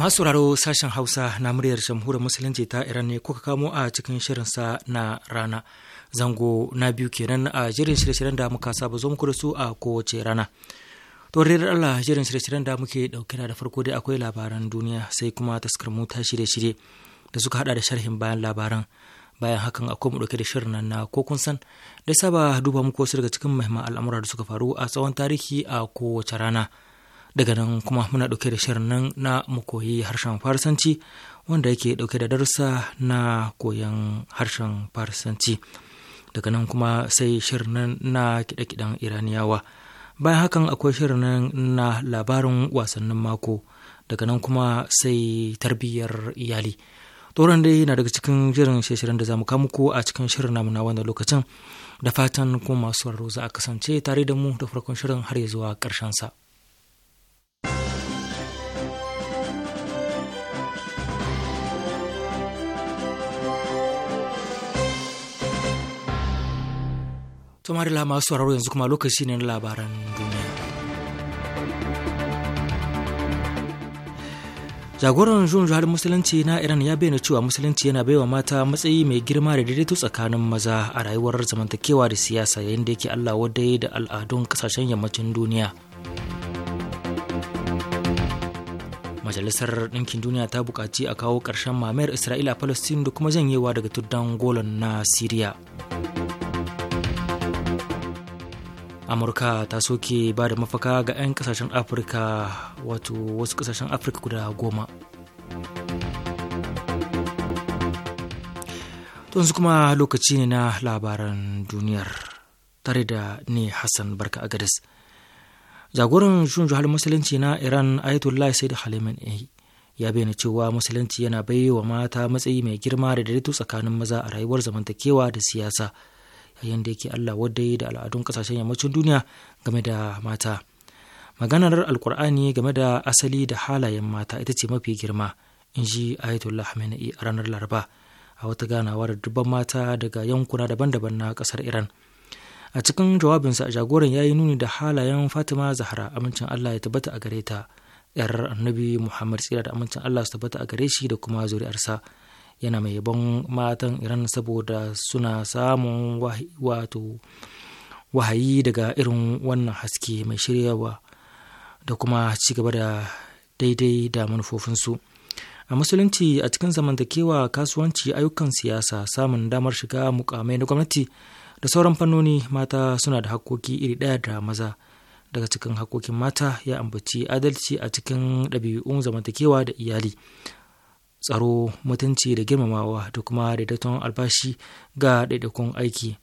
Masu sauraro sashen Hausa na muryar jamhuriyar Musulunci ta Iran ne kuka kamo a cikin shirinsa na rana. Zango na biyu kenan a jirin shirye-shiryen da muka saba zo muku da su a kowace rana. To da Allah jirin shirye-shiryen da muke dauke da farko dai akwai labaran duniya sai kuma taskar mu ta shirye-shirye da suka hada da sharhin bayan labaran. bayan hakan akwai mu dauke da shirin nan na ko kun san da saba duba muku wasu daga cikin muhimman al'amura da suka faru a tsawon tarihi a kowace rana. daga nan kuma muna ɗauke da shirin nan na mu koyi harshen farsanci wanda yake ɗauke da darussa na koyan harshen farsanci daga nan kuma sai shirin nan na kiɗe-kiɗen iraniyawa bayan hakan akwai shirin nan na labarin wasannin mako daga nan kuma sai tarbiyyar iyali tsoron dai na daga cikin jirin shirin da zamu kamu ko a cikin shirin namu na wannan lokacin da fatan kuma masu sauraro za a kasance tare da mu da farkon shirin har ya zuwa ƙarshen sa. Tumar da masu sauraro yanzu kuma lokaci ne na labaran duniya. Jagoran Jun Jihar Musulunci na Iran ya bayyana cewa Musulunci yana baiwa mata matsayi mai girma da daidaito tsakanin maza a rayuwar zamantakewa da siyasa yayin da yake Allah wadai da al'adun kasashen yammacin duniya. Majalisar Ɗinkin Duniya ta buƙaci a kawo ƙarshen mamayar Isra'ila Palestine da kuma janyewa daga tuddan Golan na Siriya. amurka ta soke ba da mafaka ga 'yan kasashen afirka wato wasu kasashen afirka guda goma yanzu kuma lokaci ne na labaran duniyar tare da ni hassan barka agadis jagoran shun juhal musulunci na iran ayatollah said halimin ya bayyana cewa musulunci yana baiwa mata matsayi mai girma da daidaito tsakanin maza a rayuwar zamantakewa da siyasa yayin da yake Allah wadai da al'adun kasashen yammacin duniya game da mata. Maganar Alkur'ani game da asali da halayen mata ita ce mafi girma, in ji Ayatollah Khamenei a ranar Laraba a wata ganawa da dubban mata daga yankuna daban-daban na ƙasar Iran. A cikin jawabinsa jagoran ya yi nuni da halayen Fatima Zahra amincin Allah ya tabbata a gare ta, ‘yar annabi Muhammad tsira da amincin Allah su tabbata a gare shi da kuma zuri'arsa. yana mai ban matan iran saboda suna samun wato wahayi daga irin wannan haske mai shiryawa da kuma ci gaba da daidai da manufofinsu a musulunci a cikin zamantakewa kasuwanci ayyukan siyasa samun damar shiga mukamai na gwamnati da sauran fannoni mata suna da hakkoki iri ɗaya da maza daga cikin hakkokin mata ya ambaci adalci a cikin ɗabi'un zamantakewa da iyali tsaro mutunci da girmamawa da kuma daidaiton albashi ga daidaikun aiki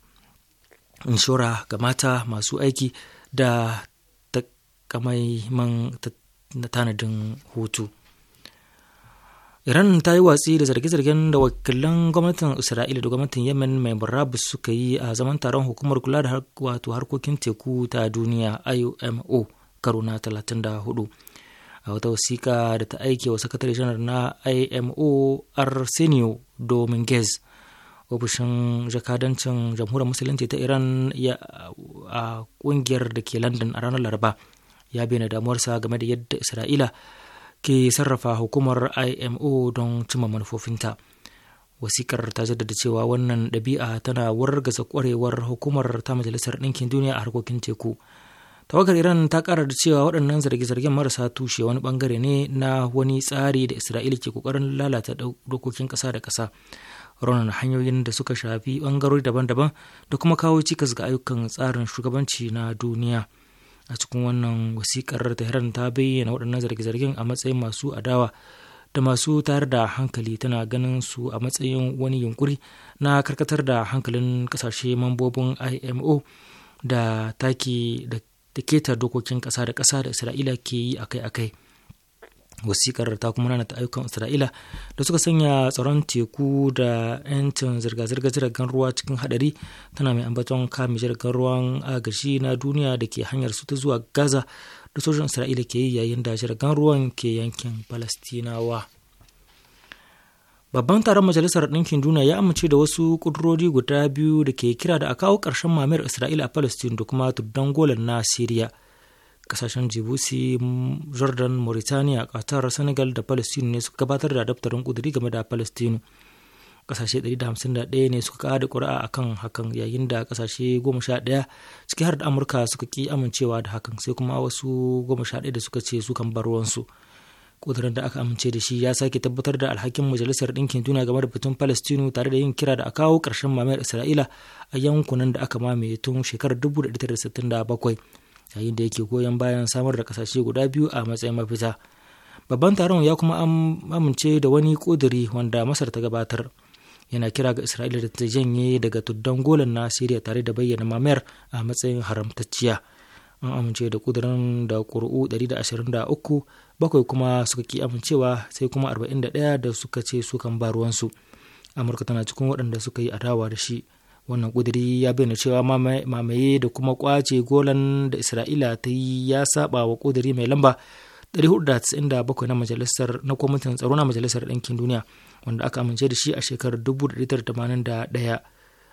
inshora ga mata masu aiki da takamaiman tanadin hutu iran ta yi watsi da zarge-zargen da wakilan gwamnatin isra'ila da gwamnatin yemen mai barabu suka yi a zaman taron hukumar kula da wato harkokin teku ta duniya iomo karo na 34 a wata wasiƙa da ta aike wa sakatare janar na imo arsenio dominguez ofishin jakadancin jamhuriyar musulunci ta iran a kungiyar da ke london a ranar laraba ya bayyana damuwarsa game da yadda isra'ila ke sarrafa hukumar imo don cimma manufofinta wasikar ta jaddada cewa wannan ɗabi'a tana wargaza kwarewar hukumar ta majalisar ɗinkin duniya a harkokin teku tawakar iran ta kara da cewa waɗannan zarge-zargen marasa tushe wani bangare ne na wani tsari da isra'ila ke kokarin lalata dokokin ƙasa da ƙasa ranar hanyoyin da suka shafi bangarori daban-daban da kuma kawo cikas ga ayyukan tsarin shugabanci na duniya a cikin wannan wasikar tehran ta bayyana waɗannan zarge-zargen a matsayin masu adawa da masu tayar da hankali tana ganin su a matsayin wani yunkuri na karkatar da hankalin kasashe mambobin imo da take da da keta dokokin kasa da kasa da isra'ila ke yi akai-akai wasikar ta kuma ta ayyukan isra'ila da suka sanya tsaron teku da 'yancin zirga-zirga jiragen ruwa cikin hadari tana mai ambaton kame jiragen ruwan agashi na duniya da ke hanyar su ta zuwa gaza da sojin isra'ila ke yi yayin da jiragen ruwan ke yankin palestinawa babban taron majalisar ɗinkin duniya ya amince da wasu ƙudurori guda biyu da ke kira da a kawo ƙarshen mamayar isra'ila a palestine da kuma tubdan golan na syria kasashen jibusi jordan mauritania qatar senegal da palestine ne suka gabatar da daftarin ƙuduri game da palestine kasashe 151 ne suka kada ƙuri'a a kan hakan yayin da kasashe 11 ciki har da amurka suka ƙi amincewa da hakan sai kuma wasu 11 da suka ce su kan bar ruwansu kudurin da aka amince da shi ya sake tabbatar da alhakin majalisar ɗinkin duniya game da batun palestinu tare da yin kira da a kawo ƙarshen mamayar isra'ila a yankunan da aka mamaye tun shekarar 1967 yayin da yake goyon bayan samar da kasashe guda biyu a matsayin mafita babban taron ya kuma amince da wani kuduri wanda masar ta gabatar yana kira ga isra'ila da ta janye daga tuddan golan na siriya tare da bayyana mamayar a matsayin haramtacciya an amince da kudirin da ƙuri'u 123 bakwai kuma suka ki amincewa sai kuma 41 da suka ce sukan ba ruwansu amurka tana cikin waɗanda suka yi adawa da shi wannan kuduri ya bayyana cewa mamaye da kuma kwace golan da isra'ila ta yi ya saba wa kuduri mai lamba 497 na majalisar na kwamitin tsaro na majalisar ɗinkin duniya wanda aka amince da shi a shekarar 1981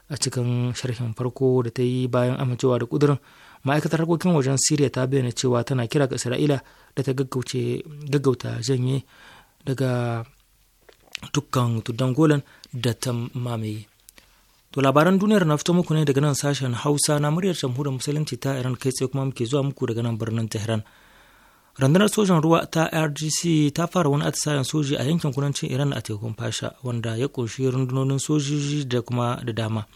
a cikin sharhin farko da ta yi bayan amincewa da kudurin ma'aikatar harkokin wajen siriya ta bayyana cewa tana kira ga isra'ila da ta gaggauta janye daga dukkan tuddan golan da ta mamaye to labaran duniyar na fito muku ne daga nan sashen hausa na muryar jamhuriyar musulunci ta iran kai tsaye kuma muke zuwa muku daga nan birnin tehran rundunar sojan ruwa ta rgc ta fara wani atisayen soji a yankin kudancin iran a tekun fasha wanda ya ƙunshi rundunonin sojoji da kuma da dama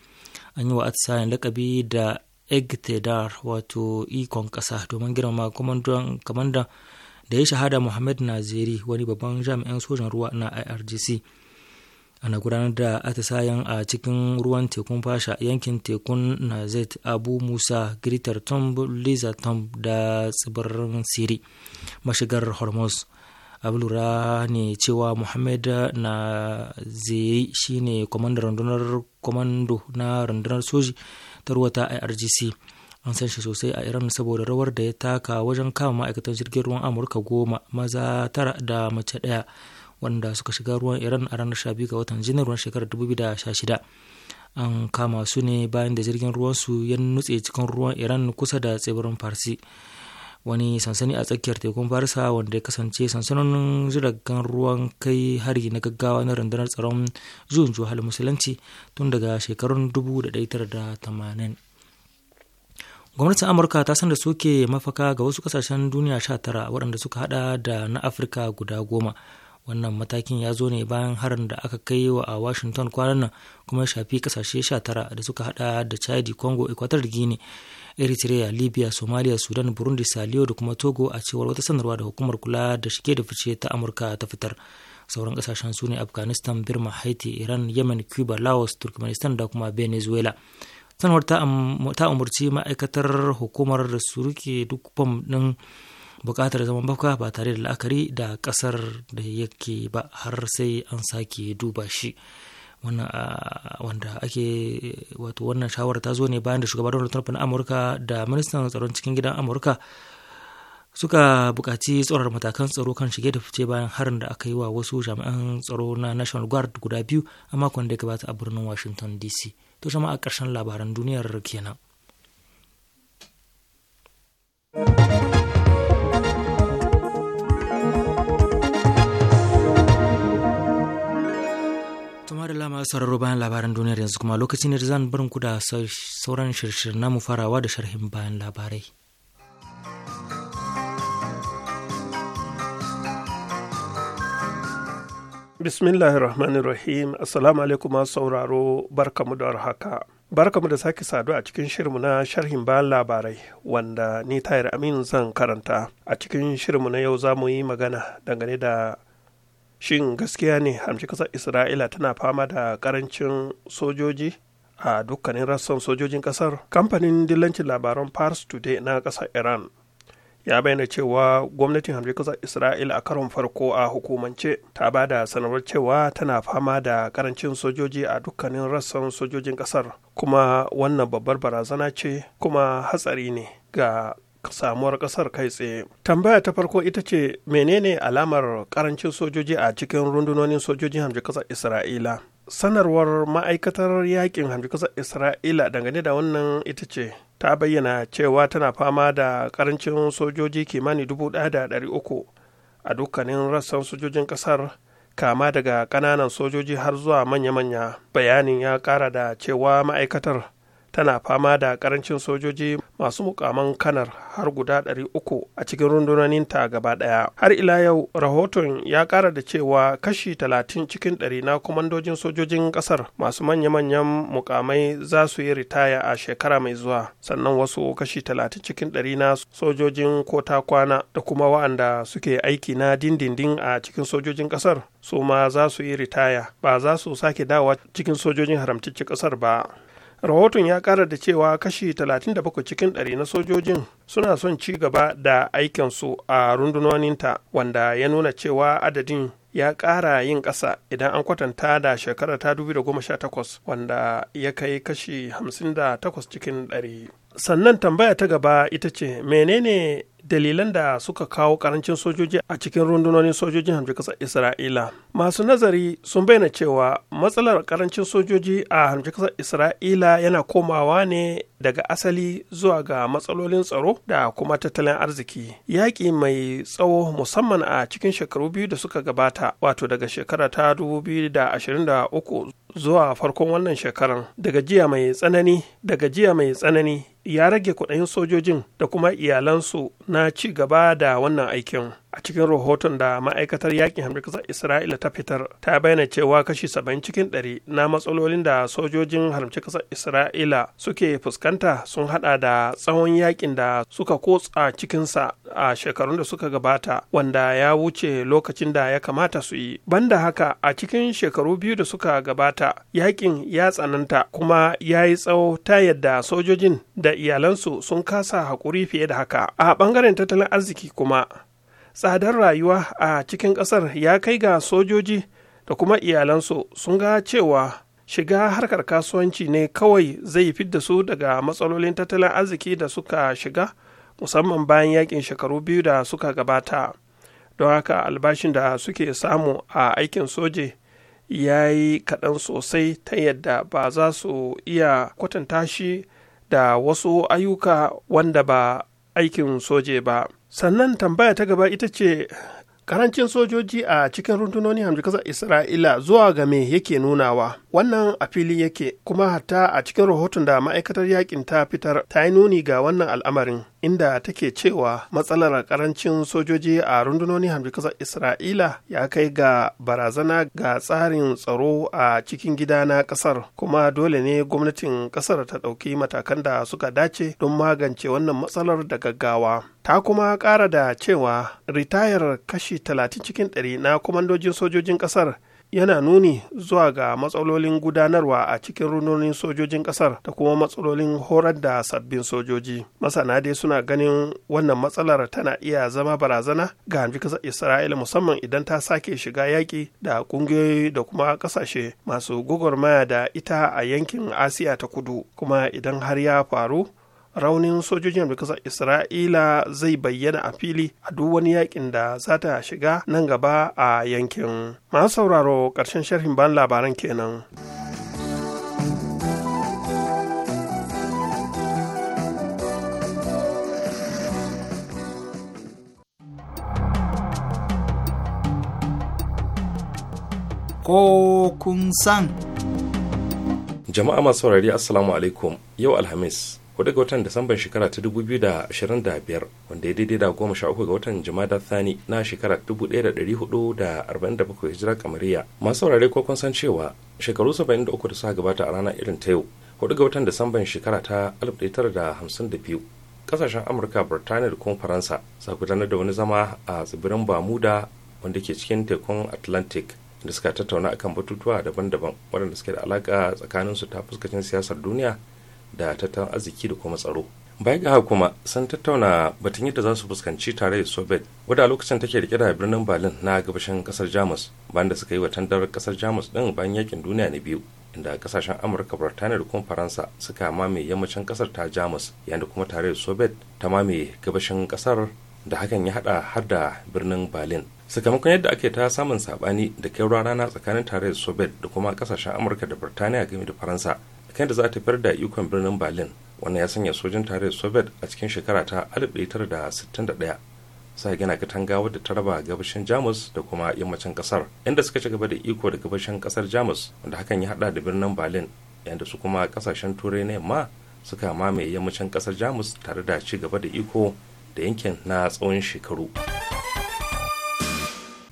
an yi wa atisayen lakabi da egtedar wato ikon ƙasa domin girma kamandan da ya shahada muhammad naziri wani babban jami'an sojan ruwa na irgc ana gudanar da atisayen a cikin ruwan tekun fasha yankin tekun nazet abu musa gritar tomb liza tomb da tsibirin siri mashigar hormuz abu lura ne cewa muhammad na zai shine kwamandar rundunar kwamando na rundunar soji tarwa ta irgc an san shi sosai a iran saboda rawar da ya taka wajen kama ma'aikatan jirgin ruwan amurka goma maza tara da mace ɗaya wanda suka shiga ruwan iran a ranar 12 ga watan janairun shekarar 2016 an kama su ne bayan da jirgin su ya nutse cikin ruwan iran kusa da tsibirin farsi wani sansani a tsakiyar tekun farisa wanda ya kasance sansanonin jiragen ruwan kai hari na gaggawa na rundunar tsaron zuwan juhal musulunci tun daga shekarun 1980 gwamnatin amurka ta sanda suke mafaka ga wasu kasashen duniya 19 waɗanda suka hada da na afirka guda goma wannan matakin ya zo ne bayan harin da aka kai wa a washington kwanan nan kuma ya shafi kasashe 19 da suka hada da chadi congo equator guinea eritrea libya somalia sudan burundi saliyo da kuma togo a cewar wata sanarwa da hukumar kula da shige da fice ta amurka ta fitar sauran kasashen su ne afghanistan birma haiti iran yemen cuba laos turkmenistan da kuma venezuela sanarwar ta umarci ma'aikatar hukumar da su rike duk fam din bukatar zaman bafka ba tare da la'akari da kasar da yake ba har sai an sake duba shi wannan ah, wanda ake wato wannan shawarar ta zo ne bayan da shugaban Donald Trump na Amurka da ministan tsaron cikin gidan Amurka suka bukaci tsoron matakan tsaro kan shige da fice bayan harin da aka yi wa wasu jami'an tsaro na National Guard guda biyu a makon da ya gabata a birnin Washington DC. To a ƙarshen labaran duniyar kenan. kamar da lama sauraro bayan labaran duniyar yanzu kuma lokaci ne da zan barin ku da sauran shirshirin namu farawa da sharhin bayan labarai. Bismillahir Rahmanir Rahim, Assalamu alaikum sauraro barkamu da warhaka. Barkamu da sake sadu a cikin shirmu na sharhin bayan labarai wanda ni tayar amin zan karanta. A cikin shirmu na yau za mu yi magana dangane da shin gaskiya ne hamshi kasar isra'ila tana fama da karancin sojoji a dukkanin rassan sojojin kasar kamfanin dillancin labaran pars today na kasar iran ya bayyana cewa gwamnatin hamshi kasar isra'ila a karon farko a hukumance ta ba da sanarwar cewa tana fama da karancin sojoji a dukkanin rassan sojojin kasar kuma wannan babbar barazana ce kuma hatsari ne ga samuwar kasar kai tsaye. Tambaya ta farko ita ce menene alamar karancin sojoji a cikin rundunonin sojojin hamji kasar Isra'ila. Sanarwar ma'aikatar yakin hamji kasar Isra'ila dangane da wannan ita ce ta bayyana cewa tana fama da karancin sojoji kimanin dubu da ɗari uku a dukkanin rassan sojojin kasar kama daga ƙananan sojoji har zuwa manya-manya bayanin ya ƙara da cewa ma'aikatar tana fama da karancin sojoji masu mukaman kanar har guda 300 a cikin rundunoninta gaba daya har ila yau rahoton ya kara da cewa kashi 30 cikin 100 na kwamandojin sojojin kasar masu manya-manyan mukamai za su yi ritaya a shekara mai zuwa sannan wasu kashi 30 cikin 100 na sojojin kota kwana da kuma wa'anda suke aiki na dindindin a cikin sojojin kasar su ma za su yi ritaya ba za su sake dawa cikin sojojin haramtacci kasar ba rahoton ya kara da cewa kashi 37 cikin ɗari na sojojin suna son ci gaba da aikinsu a rundunoninta wanda ya nuna cewa adadin ya kara yin ƙasa idan an kwatanta da shekara ta 2018 wanda ya kai kashi 58 cikin ɗari. sannan tambaya ta gaba ita ce menene dalilan da suka kawo karancin sojoji a cikin rundunonin sojojin hamshin kasar isra'ila masu nazari sun bayyana cewa matsalar karancin sojoji a hamshin kasar isra'ila yana komawa ne daga asali zuwa ga matsalolin tsaro da kuma tattalin arziki yaƙi mai tsawo musamman a cikin shekaru biyu da suka gabata wato daga shekara ta 2023 zuwa farkon wannan shekaran daga jiya mai tsanani daga jiya mai tsanani ya rage kudin sojojin da kuma iyalansu na ci gaba da wannan aikin. a cikin rahoton da ma'aikatar yakin hamdar kasar isra'ila ta fitar ta bayyana cewa kashi 70 cikin 100 na matsalolin da sojojin haramci kasar isra'ila suke fuskanta sun hada da tsawon yakin da suka kotsa cikinsa a shekarun da suka gabata wanda ya wuce lokacin da ya kamata su yi banda haka a cikin shekaru biyu da suka gabata yakin ya tsananta kuma ya yi tsawo ta yadda sojojin da iyalansu sun kasa haƙuri fiye da haka a ɓangaren tattalin arziki kuma tsadar rayuwa a cikin ƙasar ya kai ga sojoji da kuma iyalansu sun ga cewa shiga harkar kasuwanci ne kawai zai fidda su daga matsalolin tattalin arziki da suka shiga musamman bayan yakin shekaru biyu da suka gabata don haka albashin da suke samu a aikin soje ya yi kaɗan sosai ta yadda ba za su iya kwatanta shi da wasu ayyuka wanda ba aikin soje ba sannan tambaya ta gaba ita ce karancin sojoji a cikin rundunonin hamdu kasar isra'ila zuwa ga me yake nunawa wannan a fili yake kuma hatta a cikin rahoton da ma'aikatar yakin ta fitar ta yi nuni ga wannan al'amarin inda take cewa matsalar karancin sojoji a rundunonin hamdi kasar isra'ila ya kai ga barazana ga tsarin tsaro a cikin gida na kasar kuma dole ne gwamnatin kasar ta ɗauki matakan da suka dace don magance wannan matsalar da gaggawa ta kuma ƙara da cewa ritayar kashi 30 cikin 100 na kwamandojin sojojin kasar yana nuni zuwa ga matsalolin gudanarwa a cikin runonin sojojin kasar da kuma matsalolin horar da sabbin sojoji masana dai suna ganin wannan matsalar tana iya zama barazana ga hanji kasar isra'ila musamman idan ta sake shiga yaƙi da ƙungiyoyi da kuma ƙasashe masu gwagwarmaya da ita a yankin asiya ta kudu kuma idan har ya faru raunin sojojin amurka isra'ila zai bayyana a fili a duk wani yakin da za ta shiga nan gaba a yankin masu sauraro ƙarshen sharhin ban labaran kenan. ko kun san. Jama'a masu saurari Assalamu alaikum yau Alhamis hudu ga watan disamban shekara ta 2025 wanda ya daidai da goma sha uku ga watan jimada thani na shekara 1447 hijira kamariya masu saurare ko kun san cewa shekaru 73 da suka gabata a rana irin ta yau hudu ga watan disamban shekara ta 1952 kasashen amurka birtaniya da kuma faransa sa gudanar da wani zama a tsibirin bamuda wanda ke cikin tekun atlantic da suka tattauna akan batutuwa daban-daban waɗanda suke da alaƙa tsakaninsu ta fuskacin siyasar duniya da tattalin arziki da kuma tsaro baya ga kuma sun tattauna batun yadda za su fuskanci tare da soviet wadda a lokacin take rike da birnin berlin na gabashin kasar jamus bayan da suka yi wa tandar kasar jamus din bayan yakin duniya na biyu inda kasashen amurka birtaniya da kuma faransa suka mamaye yammacin kasar ta jamus yayin da kuma tare da soviet ta mamaye gabashin kasar da hakan ya hada har da birnin berlin sakamakon yadda ake ta samun sabani da kai rana tsakanin tare da soviet da kuma kasashen amurka da birtaniya game da faransa kan da za ta fitar da ikon birnin berlin wannan ya sanya sojin tarayyar soviet a cikin shekara ta 1961 sa gina katanga wadda ta raba gabashin jamus da kuma yammacin kasar inda suka ci gaba da iko da gabashin kasar jamus wanda hakan ya hada da birnin berlin yadda su kuma kasashen turai na yamma suka mamaye yammacin kasar jamus tare da ci gaba da iko da yankin na tsawon shekaru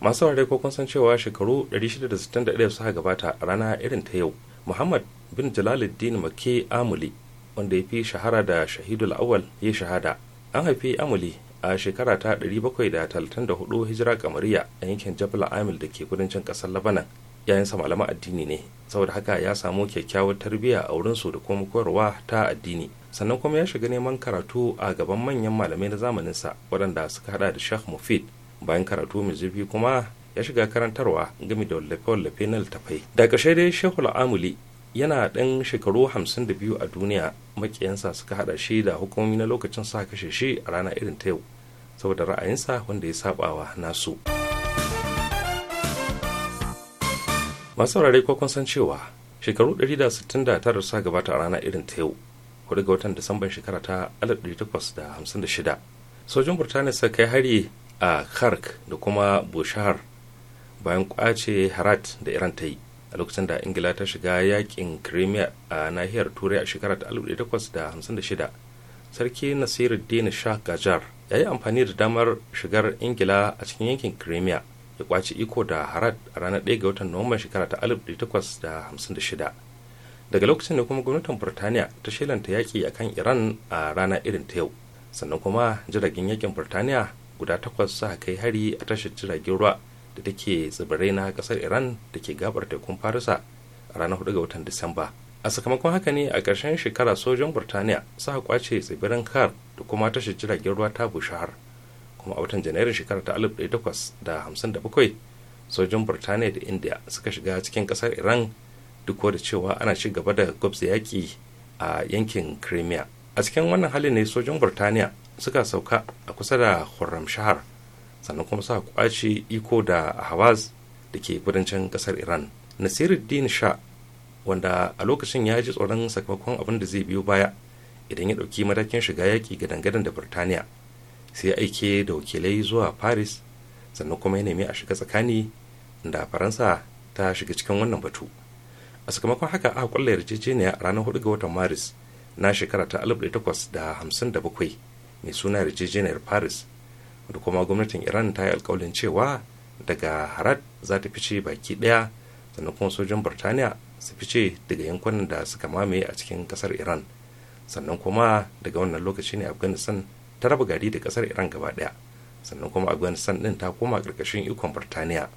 masu ware ko kun san cewa shekaru 661 suka gabata a rana irin ta yau muhammad bin jalaluddin make amuli wanda ya fi shahara da shahidul awal ya shahada an haifi amuli a shekara ta 734 hijira kamariya a yankin jabal amil da ke kudancin kasar labanan sa malamai addini ne saboda haka ya samu kyakkyawar tarbiyya a wurin su da kuma koyarwa ta addini sannan kuma ya shiga neman karatu a gaban manyan malamai na zamaninsa waɗanda suka hada da shah mufid bayan karatu mai zurfi kuma ya shiga karantarwa game da wallafe-wallafe na littafai da ƙarshe dai shehul amuli yana ɗan shekaru 52 a duniya makiyansa suka haɗa shi da hukumomi na lokacin sa kashe shi a rana irin ta yau saboda ra'ayinsa wanda ya sabawa nasu masu rarai ko san cewa shekaru 169 sa gabata a rana irin ta yau kuɗi ga watan disamban shekara ta 1856 sojin burtaniya suka kai hari a khark da kuma bushahar bayan kwace harat da iran ta yi a lokacin da ingila ta shiga yakin crimea a nahiyar turai a shekarar 1856 sarki nasiruddin shah gajar ya yi amfani da damar shigar ingila a cikin yankin crimea ya kwaci iko da harad a ranar 1 ga watan nuwamban shekara ta 1856 daga lokacin da kuma gwamnatin burtaniya ta shelanta yaƙi a kan iran a rana irin ta yau sannan kuma jiragen yakin burtaniya guda takwas suka kai hari a tashar jiragen ruwa da take tsibirai na kasar iran da ke gabar tekun farisa a ranar 4 ga watan disamba a sakamakon haka ne a ƙarshen shekara sojan burtaniya suka kwace tsibirin kar da kuma tashar jiragen ruwa ta bushahar kuma a watan janairun shekara ta 1857 sojan burtaniya da india suka shiga cikin kasar iran duk da cewa ana ci gaba da gwabza yaƙi a yankin crimea a cikin wannan halin ne sojan burtaniya suka sauka a kusa da khurram shahar sannan kuma sa kwace iko da hawaz da ke kudancin kasar iran nasiruddin sha wanda a lokacin ya ji tsoron sakamakon abin da zai biyo baya idan ya ɗauki matakin shiga yaƙi ga dangadan da birtaniya sai ya aike da wakilai zuwa paris sannan kuma ya nemi a shiga tsakani da faransa ta shiga cikin wannan batu a sakamakon haka aka kwallo yarjejeniya a ranar 4 ga watan maris na shekara ta 1857 mai suna yarjejeniyar paris da kuma gwamnatin iran ta yi alkawalin cewa daga harad za ta fice baki daya sannan kuma sojin burtaniya su fice daga yankunan da suka mamaye a cikin kasar iran sannan kuma daga wannan lokaci ne afghanistan ta raba gari da kasar iran gaba daya sannan kuma afghanistan din ta koma ƙarƙashin ikon burtaniya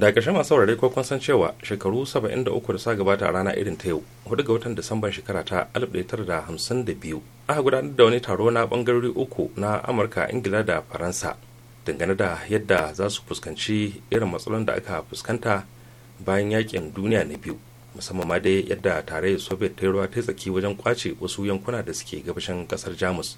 da ƙarshe masu saurare ko kun san cewa shekaru 73 da sa gabata a rana irin ta yau hudu ga watan disamban shekara ta 1952 aka gudanar da wani taro na bangarori uku na amurka ingila da faransa dangane da yadda za su fuskanci irin matsalolin da aka fuskanta bayan yakin duniya na biyu musamman ma dai yadda tarayyar soviet ta yi ruwa ta tsaki wajen kwace wasu yankuna da suke gabashin kasar jamus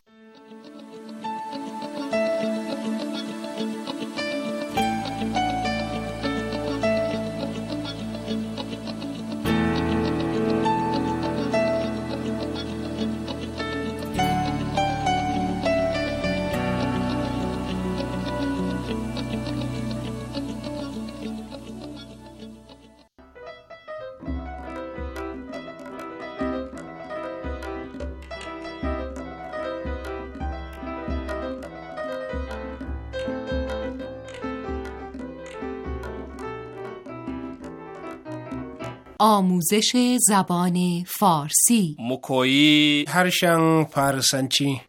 آموزش زبان فارسی مکویی هرشن فارسنچی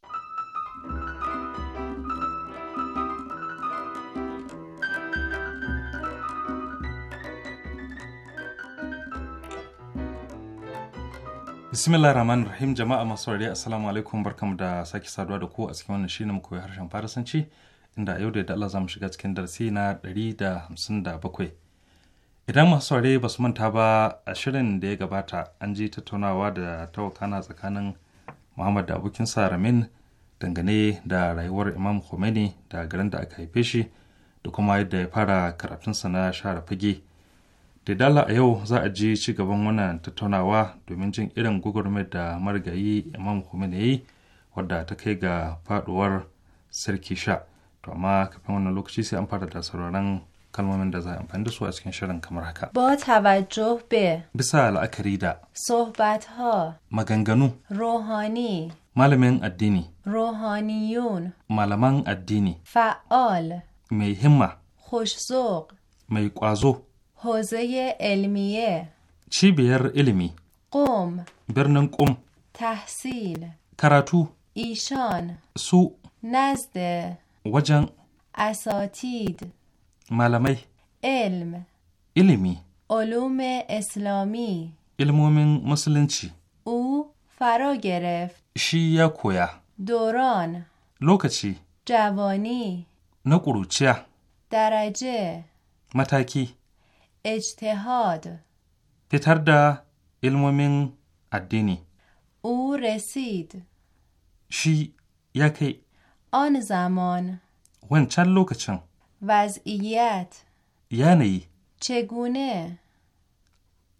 bismillah rahman rahim jama'a masu rari assalamu alaikum barkamu da sake saduwa da ku a cikin wannan shirin mu koyi harshen farasanci inda a yau da Allah za mu shiga cikin darasi na 157 idan masu saurari ba su manta ba a shirin da ya gabata an ji tattaunawa da tawakana tsakanin muhammad da abokinsa ramin dangane da rayuwar imam khomeini da garin da aka haife shi da kuma yadda ya fara karatunsa na share fage da dala a yau za a ji ci gaban wannan tattaunawa domin jin irin gugurmi da marigayi imam khomeini ya yi wadda ta kai ga faduwar sarki sha to amma kafin wannan lokaci sai an fara da sauraron kalmomin da za a amfani da su a cikin shirin kamar haka. Ba توجه bisa la'akari da Sohbat ha. maganganu Rohani. malamin addini ruhaniyun. malaman addini fa'ol mai himma خوش mai kwazo حوزه elmiye. cibiyar ilimi قم birnin قم tahsil. karatu ishan su Nazde. wajen asatid. malamai ilm ilimi ulume islami ilmomin musulunci u faro gereft shi ya koya doron lokaci javani na ƙuruciya daraje mataki ijtihad fitar da ilmomin addini u resid shi ya kai on zaman wancan lokacin وضعیت یعنی چگونه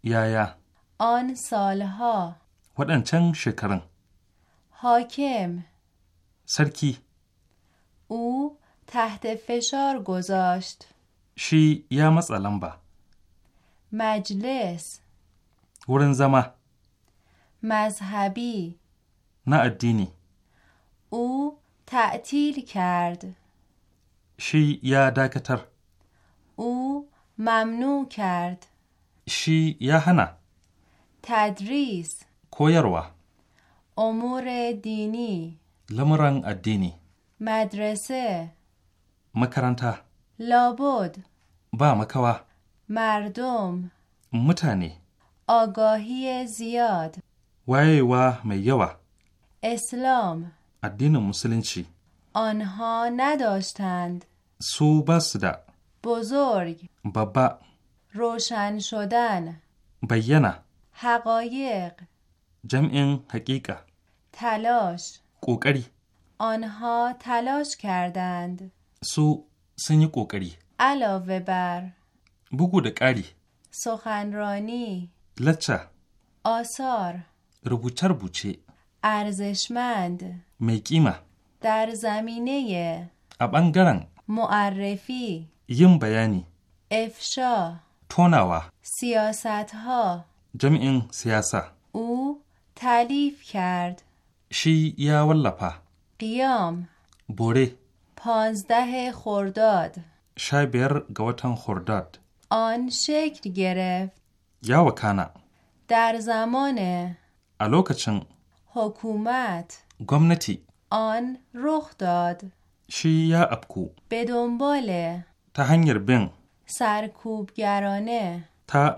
یا آن سالها چنگ شکرن حاکم سرکی او تحت فشار گذاشت شی یا مثلا با مجلس ورن زما مذهبی نه ادینی او تعطیل کرد شی یا دکتر او ممنوع کرد شی یا هنا تدریس کویروا امور دینی لمران الدینی مدرسه مکرانتا لابد با مکوا مردم متانی آگاهی زیاد وای و میوا اسلام الدین مسلمچی آنها نداشتند سو بزرگ بابا روشن شدن بیانه حقایق جمع حقیقه تلاش کوکری آنها تلاش کردند سو سنی کوکری علاوه بر بگو دکاری سخنرانی لچه آثار روبوچه روبوچه ارزشمند میکیمه در زمینه ابنگرن معرفی یم بیانی افشا تونوا سیاست ها جمعین سیاست او تعلیف کرد شی یا ولپا قیام بوره پانزده خورداد بیر گوتن خورداد آن شکل گرفت یا وکانا در زمان الوکچن حکومت گمنتی آن رخ داد شی یا ابکو به دنبال تهنگر بن بین سرکوبگرانه تا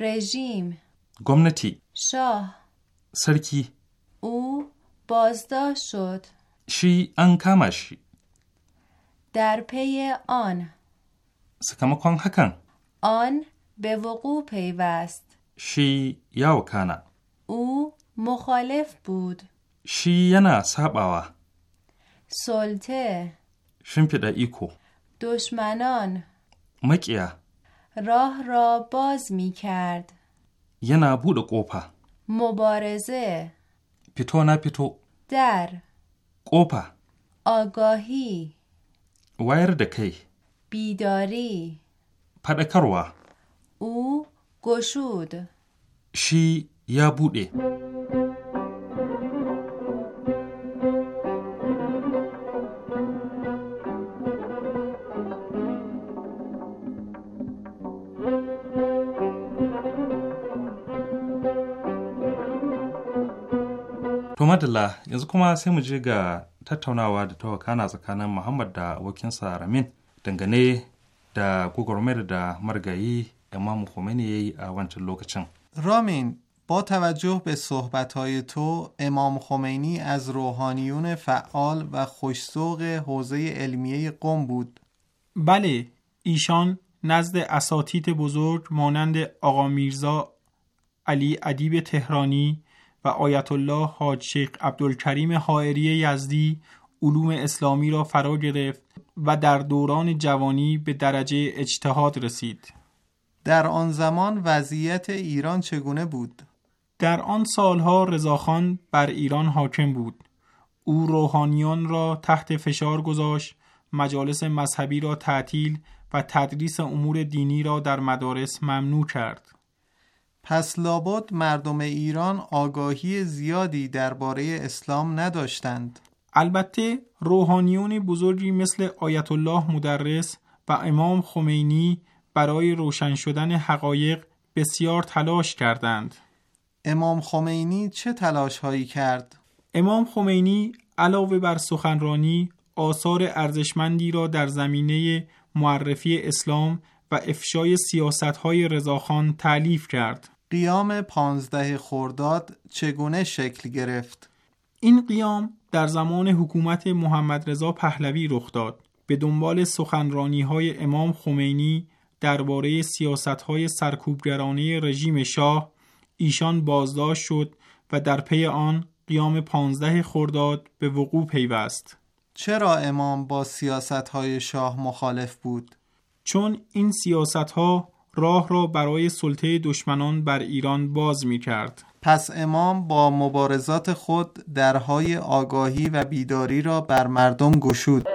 رژیم گمنتی شاه سرکی او بازداشت شد شی انکامش در پی آن سکمکان هکن آن به وقوع پیوست شی یا وکانا او مخالف بود شی ینا ساباوه سلطه شمپیده ایکو دشمنان مکیا راه را باز می کرد یه نابود قوپا مبارزه پیتو نه پیتو در قوپا آگاهی ویر دکی بیداری پدکروا او گشود شی یا بوده madalla yanzu kuma sai mu je ga tattaunawa da tawakana tsakanin muhammad da wakinsa ramin dangane da gwagwarmayar da margayi imam امام خمینی a wancan lokacin ramin با توجه به صحبتهای تو امام خمینی از روحانیون فعال و خوشسوق حوزه علمیه قم بود بله ایشان نزد اساتید بزرگ مانند آقا میرزا علی ادیب تهرانی و آیت الله حاج شیخ عبدالکریم حائری یزدی علوم اسلامی را فرا گرفت و در دوران جوانی به درجه اجتهاد رسید. در آن زمان وضعیت ایران چگونه بود؟ در آن سالها رضاخان بر ایران حاکم بود. او روحانیان را تحت فشار گذاشت، مجالس مذهبی را تعطیل و تدریس امور دینی را در مدارس ممنوع کرد. پس لابد مردم ایران آگاهی زیادی درباره اسلام نداشتند البته روحانیون بزرگی مثل آیت الله مدرس و امام خمینی برای روشن شدن حقایق بسیار تلاش کردند امام خمینی چه تلاش هایی کرد؟ امام خمینی علاوه بر سخنرانی آثار ارزشمندی را در زمینه معرفی اسلام و افشای سیاست های رضاخان تعلیف کرد. قیام پانزده خورداد چگونه شکل گرفت؟ این قیام در زمان حکومت محمد رضا پهلوی رخ داد. به دنبال سخنرانی های امام خمینی درباره سیاست های سرکوبگرانه رژیم شاه ایشان بازداشت شد و در پی آن قیام پانزده خورداد به وقوع پیوست. چرا امام با سیاست های شاه مخالف بود؟ چون این سیاست ها راه را برای سلطه دشمنان بر ایران باز می کرد. پس امام با مبارزات خود درهای آگاهی و بیداری را بر مردم گشود.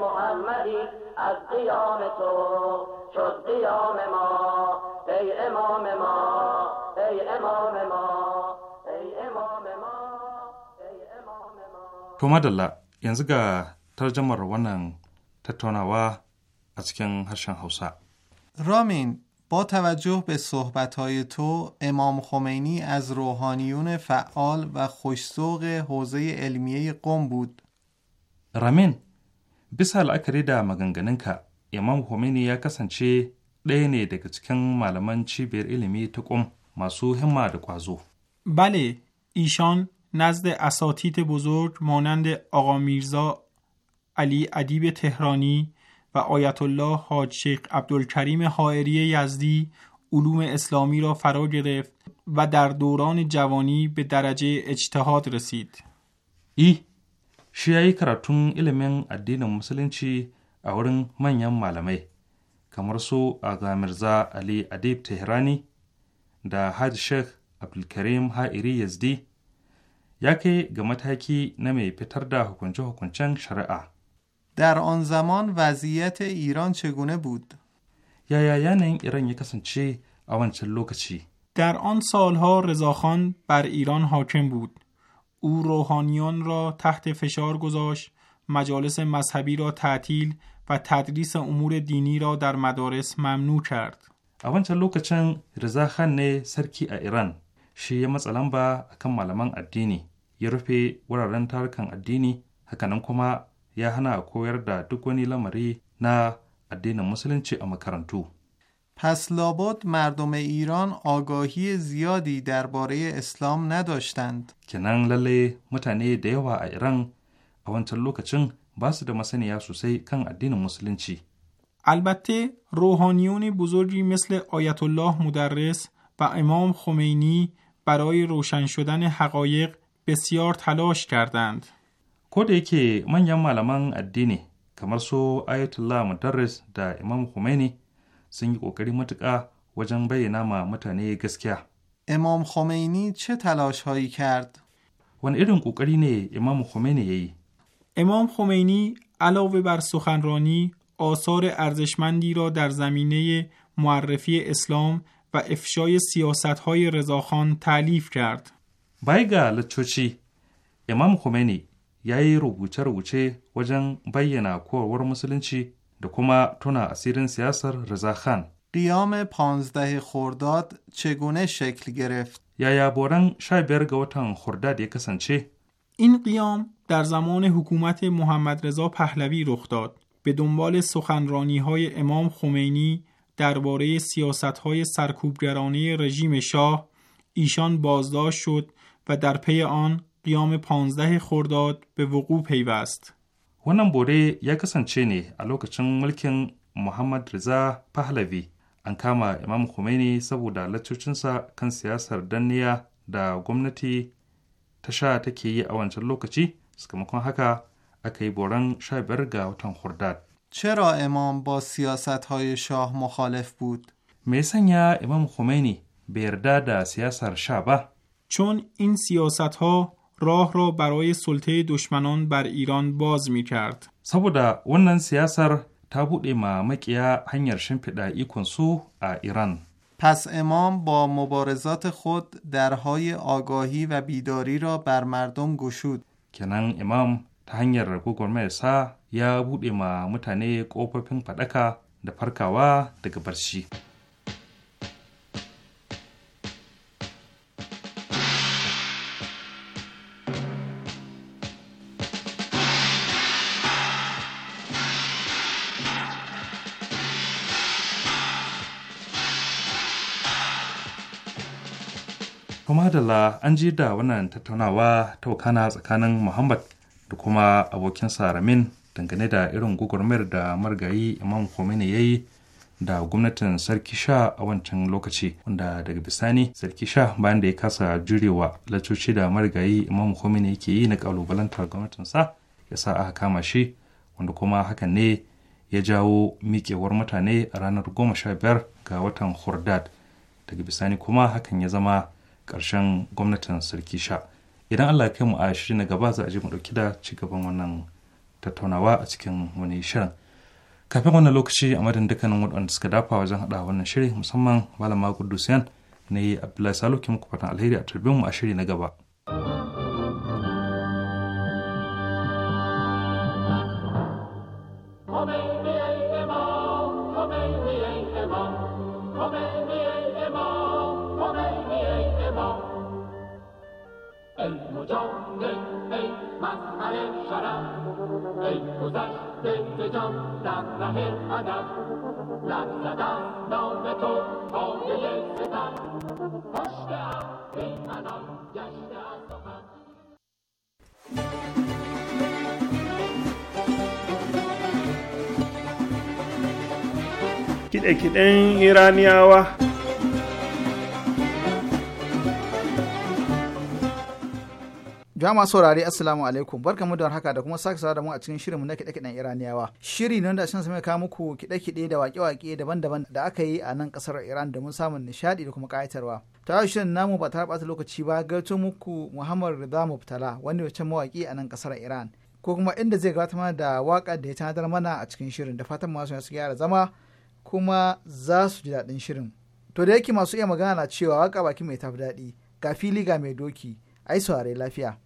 محمدی از قیام تو شد قیام ما ای امام ما ای امام ما ای امام ما ای امام ما to madalla با توجه به صحبتهای تو امام خمینی از روحانیون فعال و خوشسوق حوزه علمی قوم بود رامین بسا لعکری دا مگنگنن که امام خمینی یا کسان چه دینه دکت کن معلمان چی بیر علمی تو قم بله ایشان نزد اساتید بزرگ مانند آقا میرزا علی ادیب تهرانی و آیت الله حاج شیخ عبدالکریم حائری یزدی علوم اسلامی را فرا گرفت و در دوران جوانی به درجه اجتهاد رسید. ای shi کراتون علمین ادین ilimin addinin musulunci من wurin manyan malamai kamar su علی mirza تهرانی در Hajj Sheikh Abdulkarim Ha'iri Yazdi ya kai ga mataki na mai fitar da hukunce در آن زمان وضعیت ایران چگونه بود؟ یا یا یعنی ایران یک چی اوان لوکچی در آن سالها رضاخان بر ایران حاکم بود. او روحانیان را تحت فشار گذاشت، مجالس مذهبی را تعطیل و تدریس امور دینی را در مدارس ممنوع کرد. a wancan lokacin Rizahan Khan ne sarki a Iran shi ya matsa lamba akan malaman addini ya rufe wuraren tarukan addini hakanan kuma ya hana koyar da duk wani lamari na addinin musulunci a makarantu. پس لابد مردم ایران آگاهی زیادی درباره اسلام نداشتند. کنان لله متنی دیوا ایران اوانچن لوکچن باسد da masaniya sosai kan addinin musulunci. البته روحانیون بزرگی مثل آیت الله مدرس و امام خمینی برای روشن شدن حقایق بسیار تلاش کردند. کده که من یم علمان الدینه کمر آیت الله مدرس دا امام خمینی سنگی کوکری متقه و جنبه نام متنه گسکیا امام خمینی چه تلاش هایی کرد؟ وان ایرون کوکری نه امام خمینی امام خمینی علاوه بر سخنرانی آثار ارزشمندی را در زمینه معرفی اسلام و افشای سیاستهای رضاخان تعلیف کرد. بایگا لچوچی امام خمینی یای yi و وجن wajen کور ور musulunci da تونا tuna سیاسر siyasar قیام پانزده خرداد چگونه شکل گرفت؟ یایا بوران شاید برگوتن watan خرداد ی کسنچه این قیام در زمان حکومت محمد رضا پهلوی رخ داد. به دنبال سخنرانی های امام خمینی درباره سیاست های سرکوبگرانه رژیم شاه ایشان بازداشت شد و در پی آن قیام پانزده خورداد به وقوع پیوست. ونم بوره یک سنچینی الو چنگ ملکن محمد رزا پهلوی انکام امام خمینی سبوده دا کن سیاست دنیا دا گمنتی تشا تکیی اوانچن لو کچی سکم کن حکا اکی بورن شای 15 و چرا امام با سیاست های شاه مخالف بود؟ میسنیا امام خمینی برده دا سیاست شابه. چون این سیاست ها راه را برای سلطه دشمنان بر ایران باز می کرد. اونن ونن سیاست ta buɗe امام makiya hanyar shimfiɗa ایران پس امام با مبارزات خود درهای آگاهی و بیداری را بر مردم گشود. کنن امام ta hanyar mayasa ya buɗe ma mutane ƙofofin faɗaka da farkawa daga barci. kuma da an ji da wannan tattaunawa ta wakana tsakanin muhammad da kuma abokin ramin dangane da irin gwagwarmayar da margayi imam khomeini ya yi da gwamnatin sarki sha a wancan lokaci wanda daga bisani sarki sha bayan da ya kasa jurewa lacoci da marigayi imam khomeini yake yi na kalubalantar gwamnatinsa ya sa aka kama shi wanda kuma hakan ne ya jawo miƙewar mutane a ranar goma sha biyar ga watan hordad daga bisani kuma hakan ya zama ƙarshen gwamnatin sarki sha idan allah ya kai mu a shiri na gaba za a je mu ɗauki da ci gaban wannan tattaunawa a cikin wani shirin kafin wannan lokaci a madadin dukkanin waɗanda suka dafa wajen haɗa wannan shiri musamman malama siyan ne abdullahi salo ke muku fatan alheri a turbin mu a shiri na gaba. گذشت زنده جان در ره ادب لب زدم نام تو پایه ستم پشت انعام گشته از سخن kiɗe-kiɗen iraniyawa Jama'a saurare Assalamu alaikum barka mu da haka da kuma sake sawa da mu a cikin shirinmu na kide kiɗen Iraniyawa. Shiri ne wanda shan mai kawo muku kiɗe kide da wake-wake daban-daban da aka yi a nan kasar Iran da mun samun nishaɗi da kuma kayatarwa. Ta yau shirin namu ba ta bata lokaci ba ga gaito muku Muhammad Rida Mubtala wani wacce mawaƙi a nan kasar Iran. Ko kuma inda zai gabatar mana da waka da ya tanadar mana a cikin shirin da fatan masu su gyara zama kuma za su ji daɗin shirin. To da yake masu iya magana na cewa waka baki mai tafi daɗi ga fili ga mai doki. ai saurare lafiya.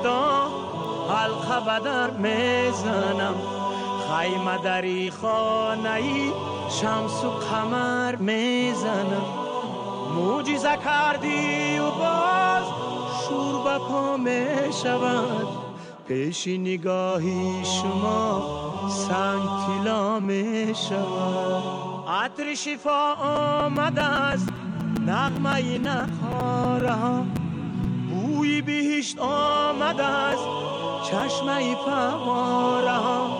خدا حلقه بدر میزنم خیمه دری خانه شمس و قمر میزنم موجیزه کردی و باز شور به پا میشود پیش نگاهی شما سنگ تیلا میشود عطر شفا آمده است نغمه نخاره آمد از چشمه فواره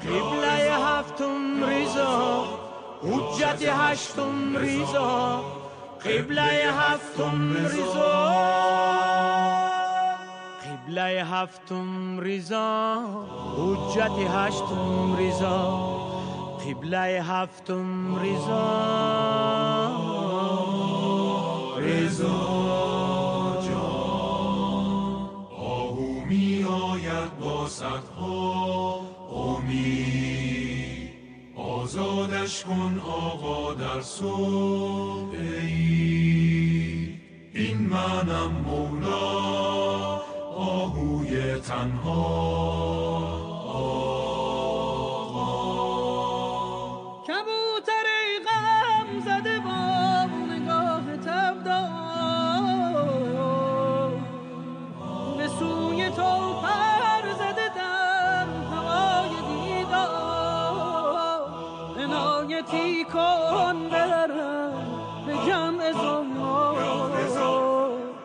قبله هفتم ریزا حجت هشتم ریزا قبله هفتم ریزا قبله هفتم ریزا حجت هشتم ریزا قبله هفتم ریزا ریزا صدها امید آزادش کن آقا در صبح این منم مولا آهوی تنها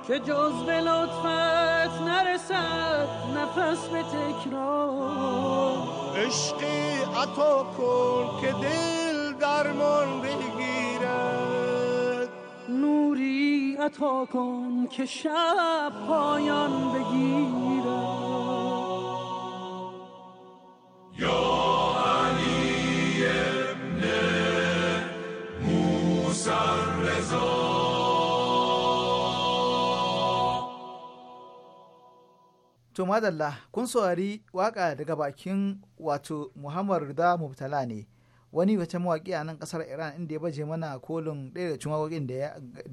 که جز به لطفت نرسد نفس به تکرار عشقی عطا کن که دل من بگیرد نوری عطا کن که شب پایان بگیرد یا علی نه موسر To madalla kun saurari waka daga bakin wato Muhammad Rida Mubtala ne wani wata mawaki a nan kasar Iran inda ya baje mana kolin ɗaya da cin waƙoƙin da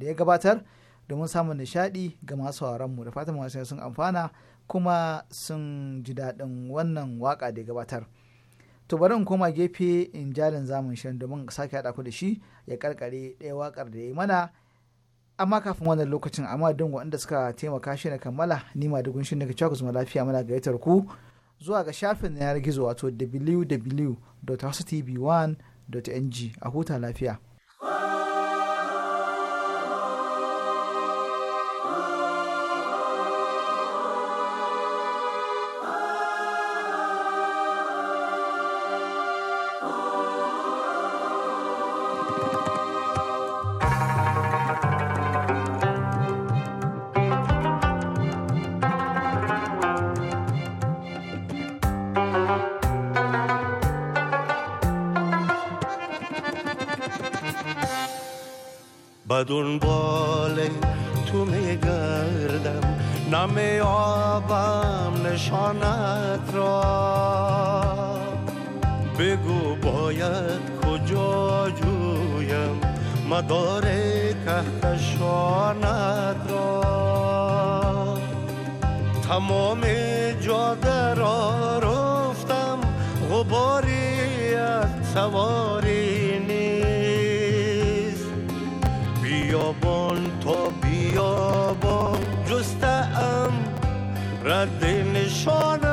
ya gabatar domin samun nishaɗi ga masu mu da fatan masu sun amfana kuma sun ji daɗin wannan waka da ya gabatar. To bari in koma gefe in jalin zamun shirin domin sake haɗa ku da shi ya karkare ɗaya wakar da ya yi mana amma kafin wannan lokacin amma don waɗanda suka taimaka shi na kammala ni ma dugun shi daga cewa ma lafiya mana gayyatar ku zuwa ga shafin na yanar gizo wato wwwhostv 1ng a huta lafiya. بار کهکشانت را تمام جاده را رفتم غباری از سواری نیست بیابان تا بیابان جستم رد نشان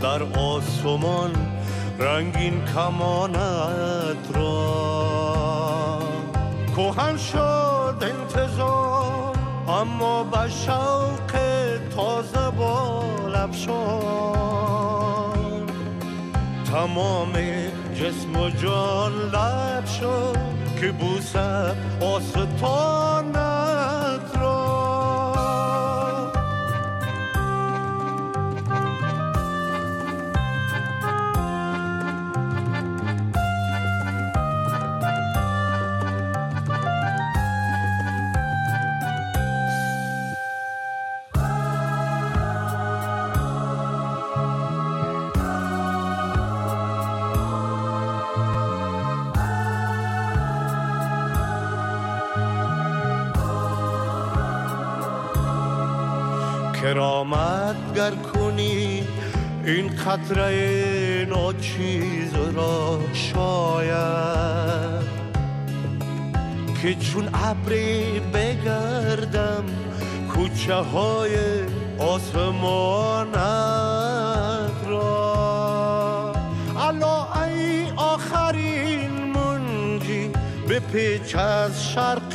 در آسمان رنگین کمانت را کوهن شد انتظار اما به شوق تازه با شد تمام جسم و جان لب شد که بوسه آستان ملامت گر کنی این خطره ناچیز را شاید که چون ابری بگردم کوچه های آسمانت را الا ای آخرین منجی به پیچ از شرق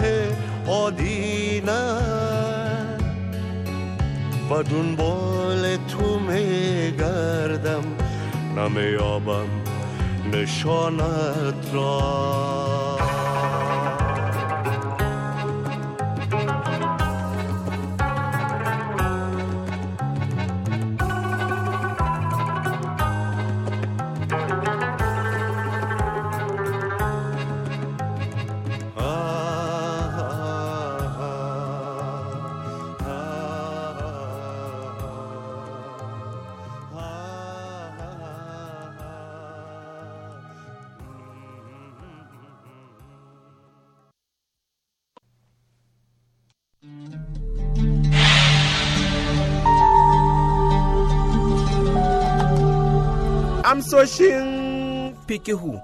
آدینت و دنبال تو میگردم نمیابم نشانت را fikihu.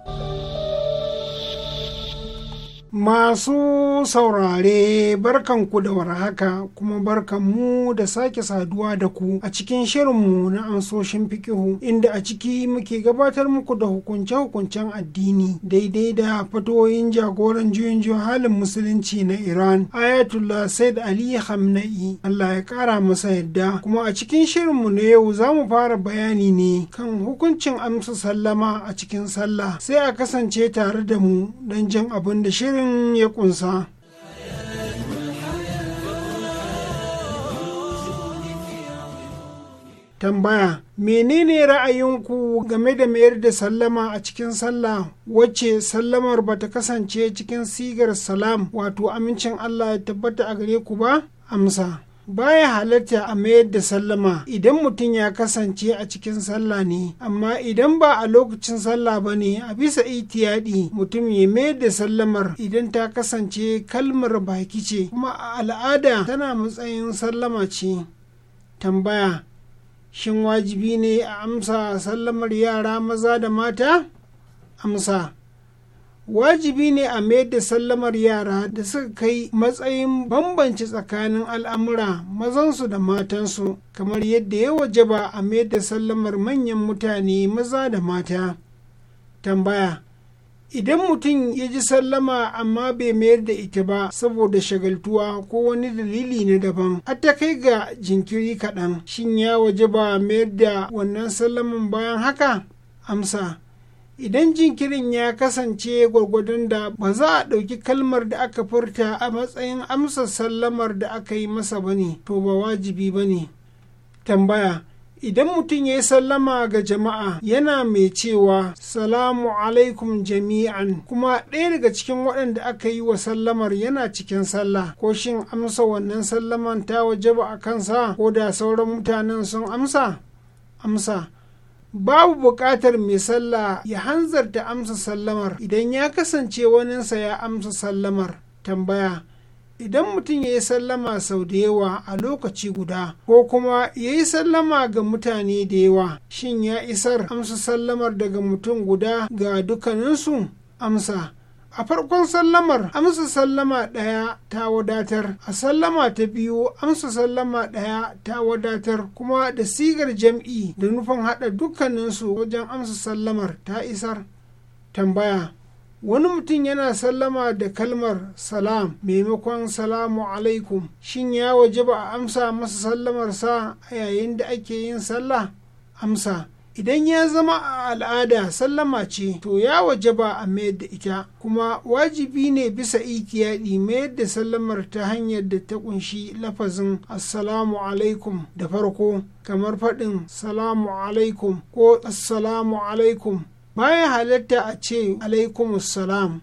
Masu saurare saurare ku da warhaka kuma barkan mu da sake saduwa da ku a cikin shirinmu na amsoshin fikihu inda a ciki muke gabatar muku da hukunce-hukuncen addini daidai da fatoyin jagoran juyin halin musulunci na iran ayatullah said ali hamna'i allah ya kara masa yadda kuma a cikin shirinmu na yau za mu fara bayani ne kan hukuncin amsa sallama a cikin sallah sai a kasance tare da mu don jin abin da shirin ya kunsa. tambaya menene ra'ayinku game da mayar da sallama a cikin sallah wacce sallamar bata kasance cikin sigar salam wato amincin allah ya tabbata a gare ku ba amsa baya halatta a mayar da sallama idan mutum ya kasance a cikin sallah ne amma idan ba a lokacin sallah ba ne a bisa itiyadi mutum ya mayar da sallamar idan ta kasance kalmar baki ce kuma a al'ada tana matsayin sallama ce tambaya shin wajibi ne a amsa sallamar yara maza da mata amsa wajibi ne a mayar da sallamar yara da suka kai matsayin bambanci tsakanin al'amura mazansu da matansu kamar yadda ya wajaba a mayar da sallamar manyan mutane maza da mata tambaya idan mutum ya ji sallama amma bai mayar da ita ba saboda shagaltuwa ko wani dalili na daban har ta kai ga jinkiri kaɗan shin ya waje ba mayar da wannan sallaman bayan haka amsa idan jinkirin ya kasance gwargwadon da ba za a ɗauki kalmar da aka furta a matsayin amsa sallamar da aka yi masa ba ne to ba wajibi ba ne tambaya idan mutum ya yi sallama ga jama'a yana mai cewa salamu alaikum jami'an kuma ɗaya daga cikin waɗanda aka yi wa sallamar yana cikin sallah ko shin amsa wannan sallaman ta wajaba a kansa ko da sauran mutanen sun amsa amsa babu buƙatar mai sallah ya hanzarta amsa sallamar idan ya kasance waninsa ya amsa sallamar tambaya idan mutum ya yi sallama sau da yawa a lokaci guda ko kuma ya yi sallama ga mutane da yawa shin ya isar amsa sallamar daga mutum guda ga dukkaninsu amsa a farkon sallamar amsa sallama ɗaya ta wadatar a sallama ta biyu amsa sallama ɗaya ta wadatar kuma da sigar jam'i da nufin haɗa dukkaninsu wajen amsa sallamar ta isar tambaya wani mutum yana sallama da kalmar salam maimakon salamu alaikum shin ya waje ba a amsa masa sallamar sa a yayin da ake yin sallah amsa idan ya zama a al'ada sallama ce to ya waje ba a mayar da ita kuma wajibi ne bisa ikiyaɗi mayar da sallamar ta hanyar da ta kunshi lafazin assalamu alaikum da farko kamar faɗin salamu alaikum ko assalamu alaikum Bayan halitta a ce 'Alaikum salam'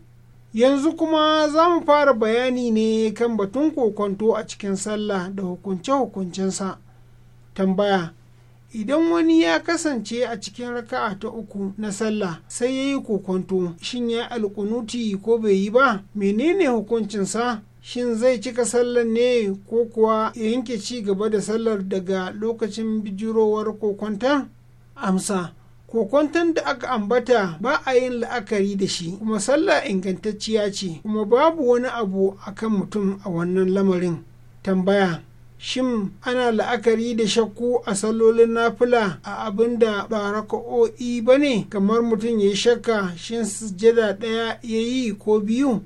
yanzu kuma za mu fara bayani ne kan batun kokonto a cikin sallah da hukunce sa tambaya idan wani ya kasance a cikin raka'a ta uku na sallah sai ya yi kokonto shin ya alkunuti ko bai yi ba menene hukuncinsa shin zai cika sallar ne ko kuwa ya yanke ci gaba da sallar daga lokacin bijirowar kokonta amsa kokwanton da aka ambata ba a yin la'akari da shi kuma sallah ingantacciya ce kuma babu wani abu akan mutum a wannan lamarin tambaya shin ana la'akari da shakku a sallolin nafila a abin da ba raka'o'i ba ne kamar mutum ya yi shakka shin sujada ɗaya ya yi ko biyu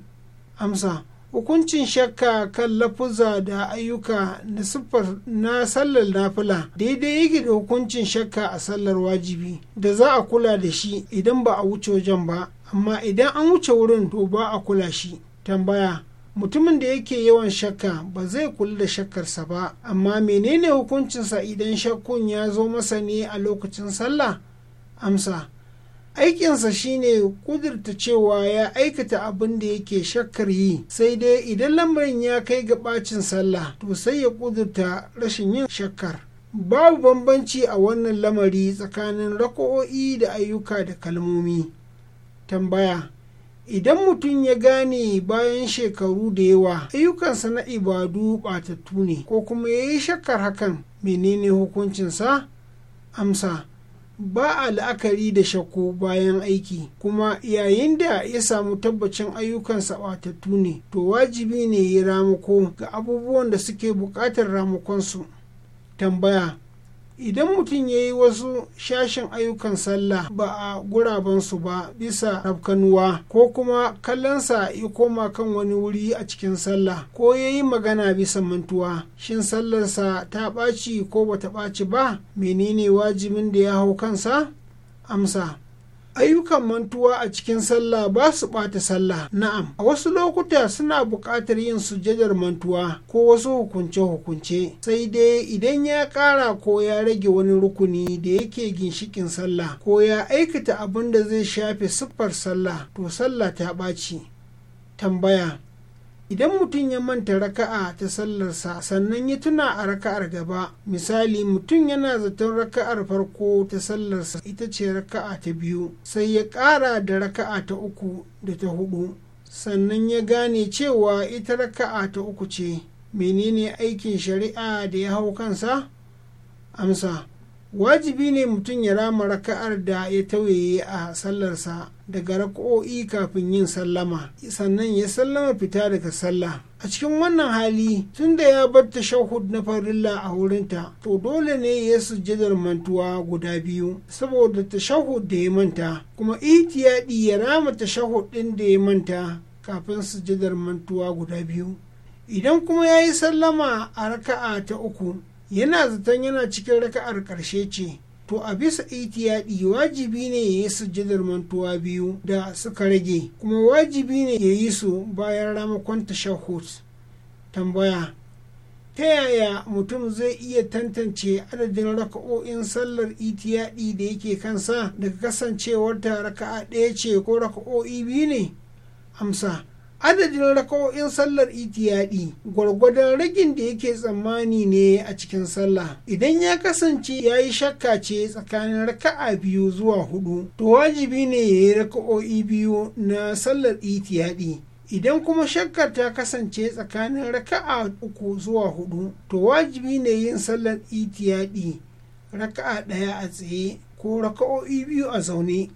amsa hukuncin shakka kan lafuza da ayyuka na siffar na sallar nafila daidai yake da hukuncin shakka a sallar wajibi da za a kula da shi idan ba a wuce wajen ba amma idan an wuce wurin to ba a kula shi tambaya mutumin da yake yawan shakka ba zai kula da shakkarsa ba amma menene hukuncinsa idan shakkun ya zo masa ne a lokacin sallah amsa aikinsa shine kudurta cewa ya aikata abin da yake shakkar yi sai dai idan lamarin ya kai ga bacin sallah to sai ya kudurta rashin yin shakkar babu bambanci a wannan lamari tsakanin rako'o'i da ayyuka da kalmomi tambaya idan mutum ya gane bayan shekaru da yawa ayyukansa na ibadu batattu ne ko kuma ya yi shakkar hakan menene hukuncinsa amsa ba a la'akari da shakku bayan aiki kuma yayin da ya samu tabbacin ayyukansa watattu ne to wajibi ne ya ramako ga abubuwan da suke buƙatar ramakonsu tambaya idan mutum ya yi wasu shashin ayyukan sallah ba a su ba bisa rafkanuwa ko kuma kallonsa ya koma kan wani wuri a cikin sallah ko ya yi magana bisa mantuwa shin sallarsa ta ɓaci ko bata ɓaci ba menene wajibin da ya hau kansa amsa ayyukan mantuwa a cikin sallah ba su ɓata sallah na'am a wasu lokuta suna buƙatar yin sujadar mantuwa ko wasu hukunce-hukunce sai dai idan ya ƙara ko ya rage wani rukuni da yake ginshikin sallah ko ya aikata abin da zai shafe siffar sallah to sallah ta ɓaci tambaya idan mutum ya manta raka'a ta sallarsa sannan ya tuna a raka'ar gaba misali mutum yana zaton raka'ar farko ta sallarsa ita ce raka'a ta biyu sai ya ƙara da raka'a ta uku da ta hudu sannan ya gane cewa ita raka'a ta uku ce menene aikin shari'a da ya hau kansa amsa wajibi ne mutum ya rama raka'ar da ya tauye a sallarsa daga raka'o'i kafin yin sallama sannan ya sallama fita daga sallah a cikin wannan hali tun da ya bar tashahud na farilla a wurinta to dole ne ya sujjadar mantuwa guda biyu saboda shahud da ya manta kuma itiyadi ya rama shahud din da ya manta kafin sujjadar mantuwa guda biyu idan kuma ya yi sallama a raka'a ta uku yana zaton yana cikin raka'ar ƙarshe ce to a bisa itiyaɗi wajibi ne ya yi sujjadar mantuwa biyu da suka rage kuma wajibi ne ya yi su bayan ramakon tashahud tambaya ta yaya mutum zai iya tantance adadin raka'o'in sallar itiyaɗi da yake kansa daga kasancewarta raka'a ɗaya ce ko raka'o'i biyu ne amsa adadin raka'o'in sallar itiyadi gwargwadon ragin da yake tsammani ne a cikin sallah idan ya kasance ya yi shakka ce tsakanin raka'a biyu zuwa hudu to wajibi ne ya yi raka'o'i biyu na sallar itiyadi idan kuma shakkar ta kasance tsakanin raka'a uku zuwa hudu to wajibi ne yin sallar itiyadi raka'a ɗaya a tsaye ko raka'o'i biyu a zaune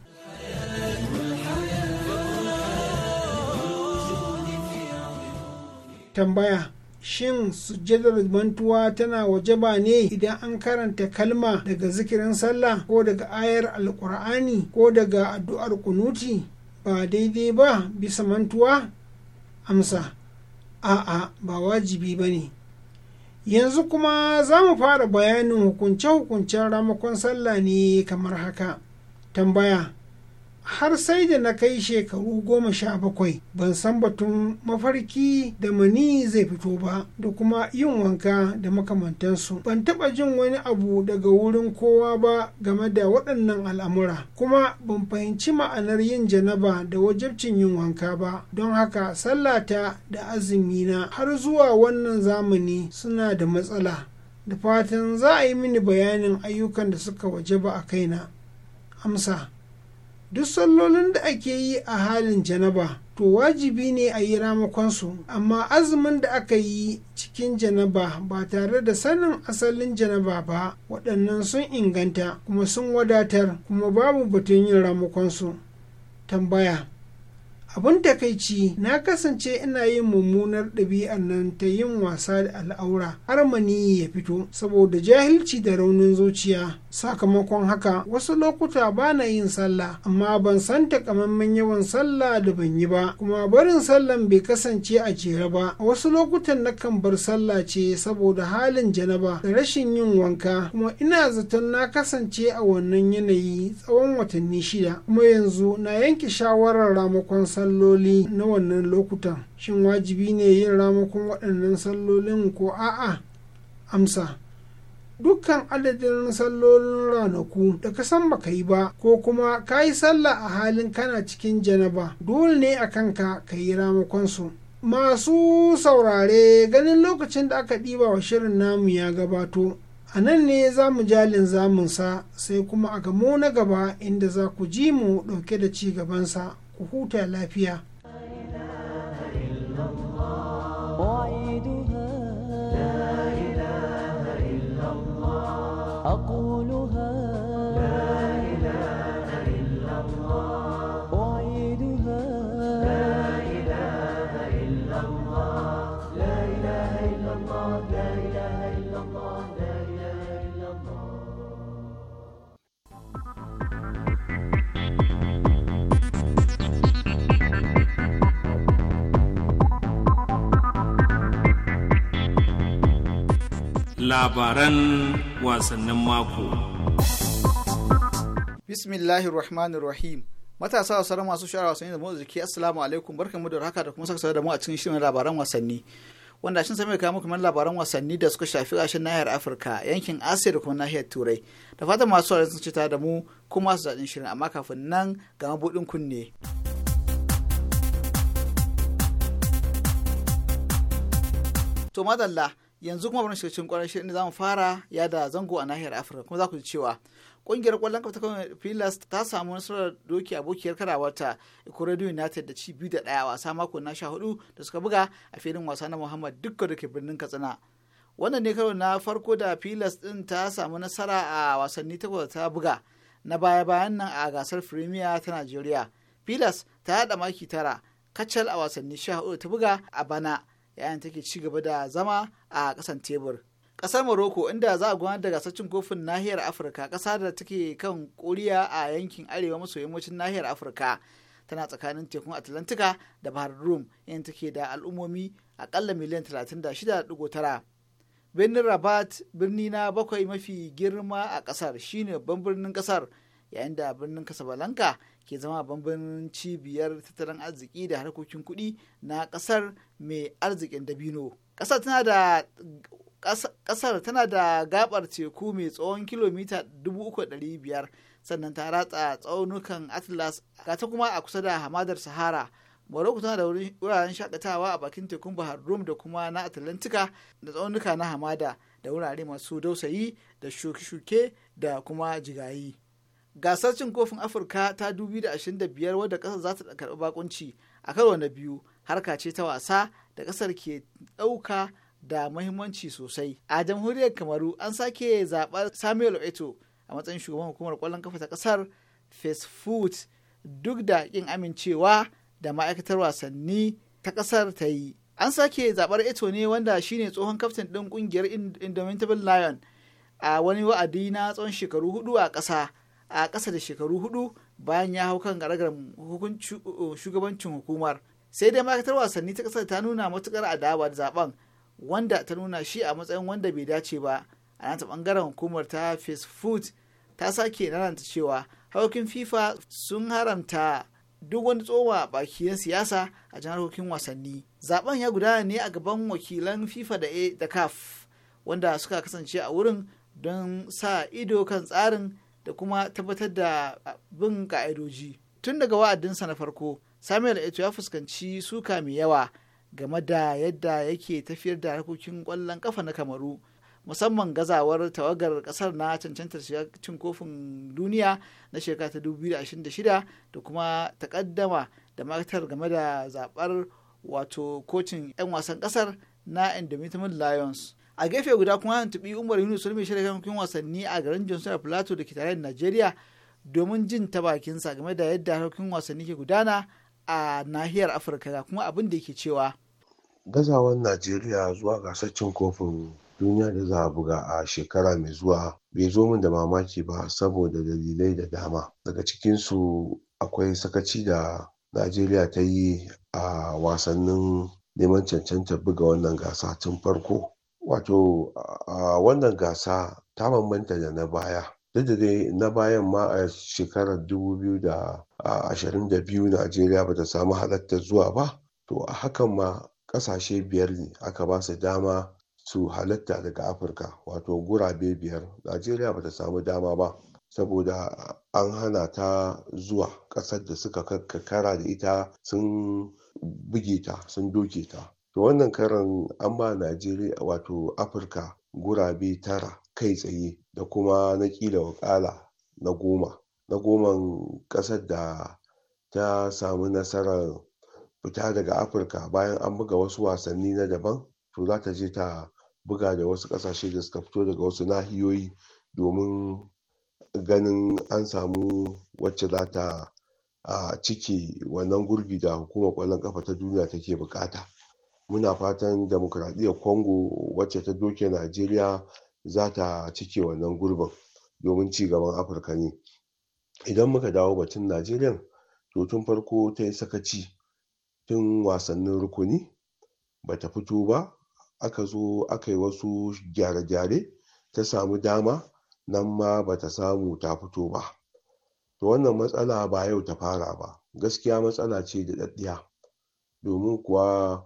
tambaya shin sujjadar mantuwa tana wajaba ne idan an karanta kalma daga zikirin sallah ko daga ayar alkur'ani ko daga addu'ar kunuti ba daidai ba bisa mantuwa amsa a'a ba wajibi ba ne yanzu kuma za mu fara bayanin hukunce-hukuncen ramakon sallah ne kamar haka tambaya har sai da na kai shekaru goma sha bakwai ban san batun mafarki da mani zai fito ba da kuma yin wanka da makamantansu ban taɓa jin wani abu daga wurin kowa ba game da waɗannan al'amura kuma ban fahimci ma'anar yin janaba da wajabcin yin wanka ba don haka sallata da azumi na. har zuwa wannan zamani suna da matsala da fatan za a yi mini bayanin ayyukan da suka wajaba a kaina amsa duk sallolin da ake yi a halin janaba to wajibi ne a yi ramakonsu amma azumin da aka yi cikin janaba ba tare da sanin asalin janaba ba waɗannan sun inganta kuma sun wadatar kuma babu batun yin ramakonsu tambaya abun takaici na kasance ina yin mummunar ɗabi'ar nan ta yin wasa da al'aura har mani ya fito saboda jahilci da raunin zuciya sakamakon haka wasu lokuta ba na yin sallah amma ban san takamaiman yawan sallah da ban yi ba kuma barin sallan bai kasance a jere ba a wasu lokutan kan bar sallah ce saboda halin janaba da rashin yin wanka kuma ina zaton na kasance a wannan yanayi tsawon watanni shida kuma yanzu na yanke shawarar ramakon sallah salloli na wannan lokutan shin wajibi ne yin ramakon waɗannan sallolin ko a'a amsa dukkan adadin sallolin ranaku da ka san baka yi ba ko kuma ka yi sallah a halin kana cikin janaba dole ne a kanka ka yi ramakonsu masu saurare ganin lokacin da aka ɗiba wa shirin namu ya gabato a nan ne za mu jalin zamunsa sai kuma a gamo na gaba inda za ku ji mu ɗauke da ci gabansa ku huta lafiya. labaran wasannin mako. Bismillahir Rahmanir Rahim. Matasa wasu masu shara wasanni da motsa jiki Assalamu alaikum barkanmu da haka da kuma saka da mu a cikin shirin labaran wasanni. Wanda shin sami mai kawo kamar labaran wasanni da suka shafi ƙarshen nahiyar Afirka, yankin Asiya da kuma nahiyar Turai. Da fatan masu saurari sun ci da mu kuma su daɗin shirin amma kafin nan ga mabuɗin kunne. To madalla yanzu kuma bari shiga cikin kwarar shirin za mu fara yada zango a nahiyar afirka kuma za ku ji cewa kungiyar kwallon kafa ta filas ta samu nasarar doki abokiyar karawarta ikorodu united da ci biyu da daya wasa mako na sha hudu da suka buga a filin wasa na muhammad dukkan da ke birnin katsina wannan ne karo na farko da filas din ta samu nasara a wasanni takwas ta buga na baya bayan nan a gasar firimiya ta najeriya filas ta haɗa maki tara kacal a wasanni sha hudu ta buga a bana yayin take ci gaba da zama a kasan tebur Ƙasar morocco inda za a gudanar da gasar cin kofin nahiyar afirka kasa da take kan koriya a yankin arewa maso yammacin nahiyar afirka tana tsakanin tekun atlantika da bahar rum yayin take da al'ummomi akalla miliyan 36.9 birnin rabat birni na bakwai mafi girma a ƙasar shine babban birnin ƙasar, yayin da birnin casablanca ke zama bambam cibiyar tattalin arziki da harkokin kuɗi na ƙasar mai arzikin dabino ƙasar tana da ƙasar gabar teku mai tsawon kilomita 3,500 sannan ta ratsa tsaunukan atlas ga ta kuma a kusa da hamadar sahara morocco tana da wuraren shakatawa a bakin tekun bahar rum da kuma na atlantika da tsaunuka na hamada da wurare masu dausayi da shuke-shuke da kuma jigayi gasar cin kofin afirka ta biyar wadda kasar za ta karɓi bakunci a karo na biyu harka ce ta wasa da kasar ke ɗauka da mahimmanci sosai a jamhuriyar kamaru an sake zaɓar samuel eto a matsayin shugaban hukumar kwallon kafa ta kasar fesfoot duk da ƙin amincewa da ma'aikatar wasanni ta kasar ta yi an sake zaɓar eto ne wanda shine tsohon kaftin ɗin ƙungiyar indomitable lion a wani wa'adi na tsawon shekaru hudu a ƙasa a ƙasa da shekaru hudu bayan ya hau kan garagar uh, shugabancin hukumar sai dai ma'aikatar wasanni ta ƙasar ta nuna matukar adawa da zaben wanda ta nuna shi a matsayin wanda bai dace ba a ta ɓangaren hukumar ta facebook ta sake nananta cewa haukin fifa sun haramta duk wani tsoma na siyasa a jan harkokin wasanni zaben ya gudana ne a gaban wakilan fifa da e, da caf wanda suka kasance a wurin don sa ido kan tsarin da kuma tabbatar da bin ka'idoji tun daga wa'adinsa na farko samuel eto ya fuskanci suka mai yawa game da yadda yake tafiyar da harkokin kwallon kafa na kamaru musamman gazawar tawagar kasar na cancantar shiga cin kofin duniya na shekara ta 2026 da kuma takaddama da matar game da zabar wato kocin 'yan wasan kasar na indomitable lions a gefe guda kuma an tubi umar yunus sulmi shirya kan wasanni a garin johnson plateau da ke tare da nigeria domin jin ta bakinsa game da yadda harkokin wasanni ke gudana a nahiyar afirka da kuma abin da ke cewa gazawan najeriya zuwa gasar cin kofin duniya da za a buga a shekara mai zuwa bai zo min da mamaki ba saboda dalilai da dama daga cikinsu akwai sakaci da najeriya ta yi a wasannin neman cancanta buga wannan gasa tun farko Wato a wannan gasa ta bambanta da na baya. Duk da dai na bayan ma a shekarar biyu Najeriya bata samu halartar zuwa ba, to a hakan ma ƙasashe biyar ne aka ba su dama su halatta daga Afirka wato gurabe biyar. Najeriya bata samu dama ba saboda an hana ta zuwa ƙasar da suka kakkara da ita sun buge ta sun doke ta. to wannan karan an ba najeriya wato afirka gurabe tara kai tsaye da kuma na kila wakala na goma na goman ƙasar da ta samu nasarar fita daga afirka bayan an buga wasu wasanni na daban to za ta je ta buga da wasu kasashe da suka fito daga wasu nahiyoyi domin ganin an samu wacce za ta cike wannan gurbi da hukumar kwallon kafa ta duniya take bukata muna fatan Demokradiyyar Congo wacce ta doke Najeriya za ta cike wannan gurbin domin ci gaban Afirka ne. Idan muka dawo batun Najeriya to tun farko ta yi sakaci tun wasannin rukuni bata fito ba aka zo aka yi wasu gyare-gyare ta samu dama nan ma bata samu ta fito ba. To wannan matsala ba yau ta fara ba gaskiya matsala ce da daɗaɗɗiya domin kuwa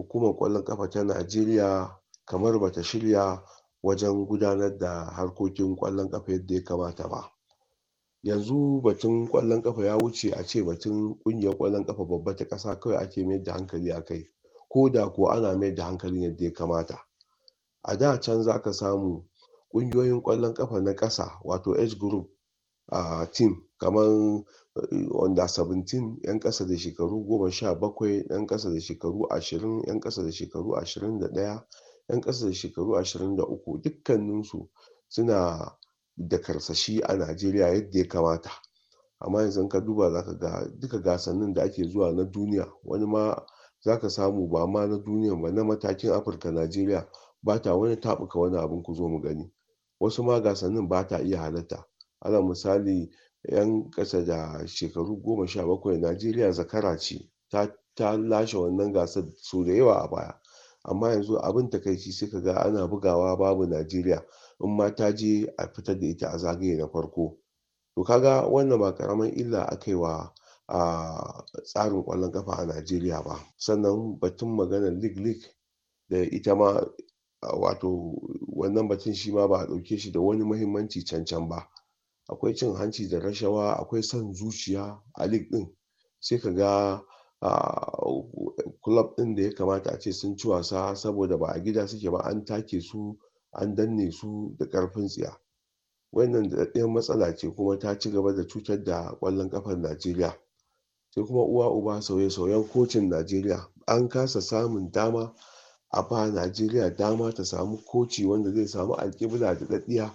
hukumar ƙwallon ƙafa ta najeriya kamar bata shirya wajen gudanar da harkokin ƙwallon ƙafa yadda ya kamata ba yanzu batun ƙwallon ƙafa ya wuce a ce batun ƙungiyar ƙwallon ƙafa babba ta ƙasa kawai ake mayar da hankali a kai ko da ko ana mayar da hankalin yadda ya kamata a da can za ka samu ƙungiyoyin ƙwallon ƙafa na ƙasa wato age group a team kamar eh, under 17 'yan ƙasa da shekaru goma sha bakwai 'yan ƙasa da shekaru ashirin 'yan ƙasa da shekaru ashirin da daya 'yan ƙasa da shekaru ashirin da uku dukkaninsu suna da karsashi a najeriya yadda ya kamata amma yanzu ka duba zaka ga duka gasannin da ake zuwa na duniya wani ma zaka samu ba ma na duniya ba na matakin afirka najeriya ba ta wani taɓuka wani abin ku zo mu gani wasu ma gasannin ba ta iya halatta alal misali yan ƙasa da shekaru goma sha bakwai najeriya zakara ce ta lashe wannan gasar sau da yawa a baya amma yanzu abin takaici sai ga ana bugawa babu najeriya in ma ta je a fitar da ita a zagaye na farko to kaga wannan ba karamin illa aka yi wa a tsarin kwallon kafa a najeriya ba sannan batun maganar league league da ita ma wato wannan batun shi ma ba a ɗauke shi da wani muhimmanci cancan ba akwai cin hanci da rashawa akwai son zuciya a lig din sai ka ga club din da ya kamata a ce sun ci wasa saboda ba a gida suke ba an take su an danne su da karfin tsiya wannan da matsala ce kuma ta ci gaba da cutar da kwallon kafar najeriya sai kuma uwa uba sauye-sauyen kocin najeriya an kasa samun dama a ba najeriya dama ta samu koci wanda zai samu alkibla da daddiya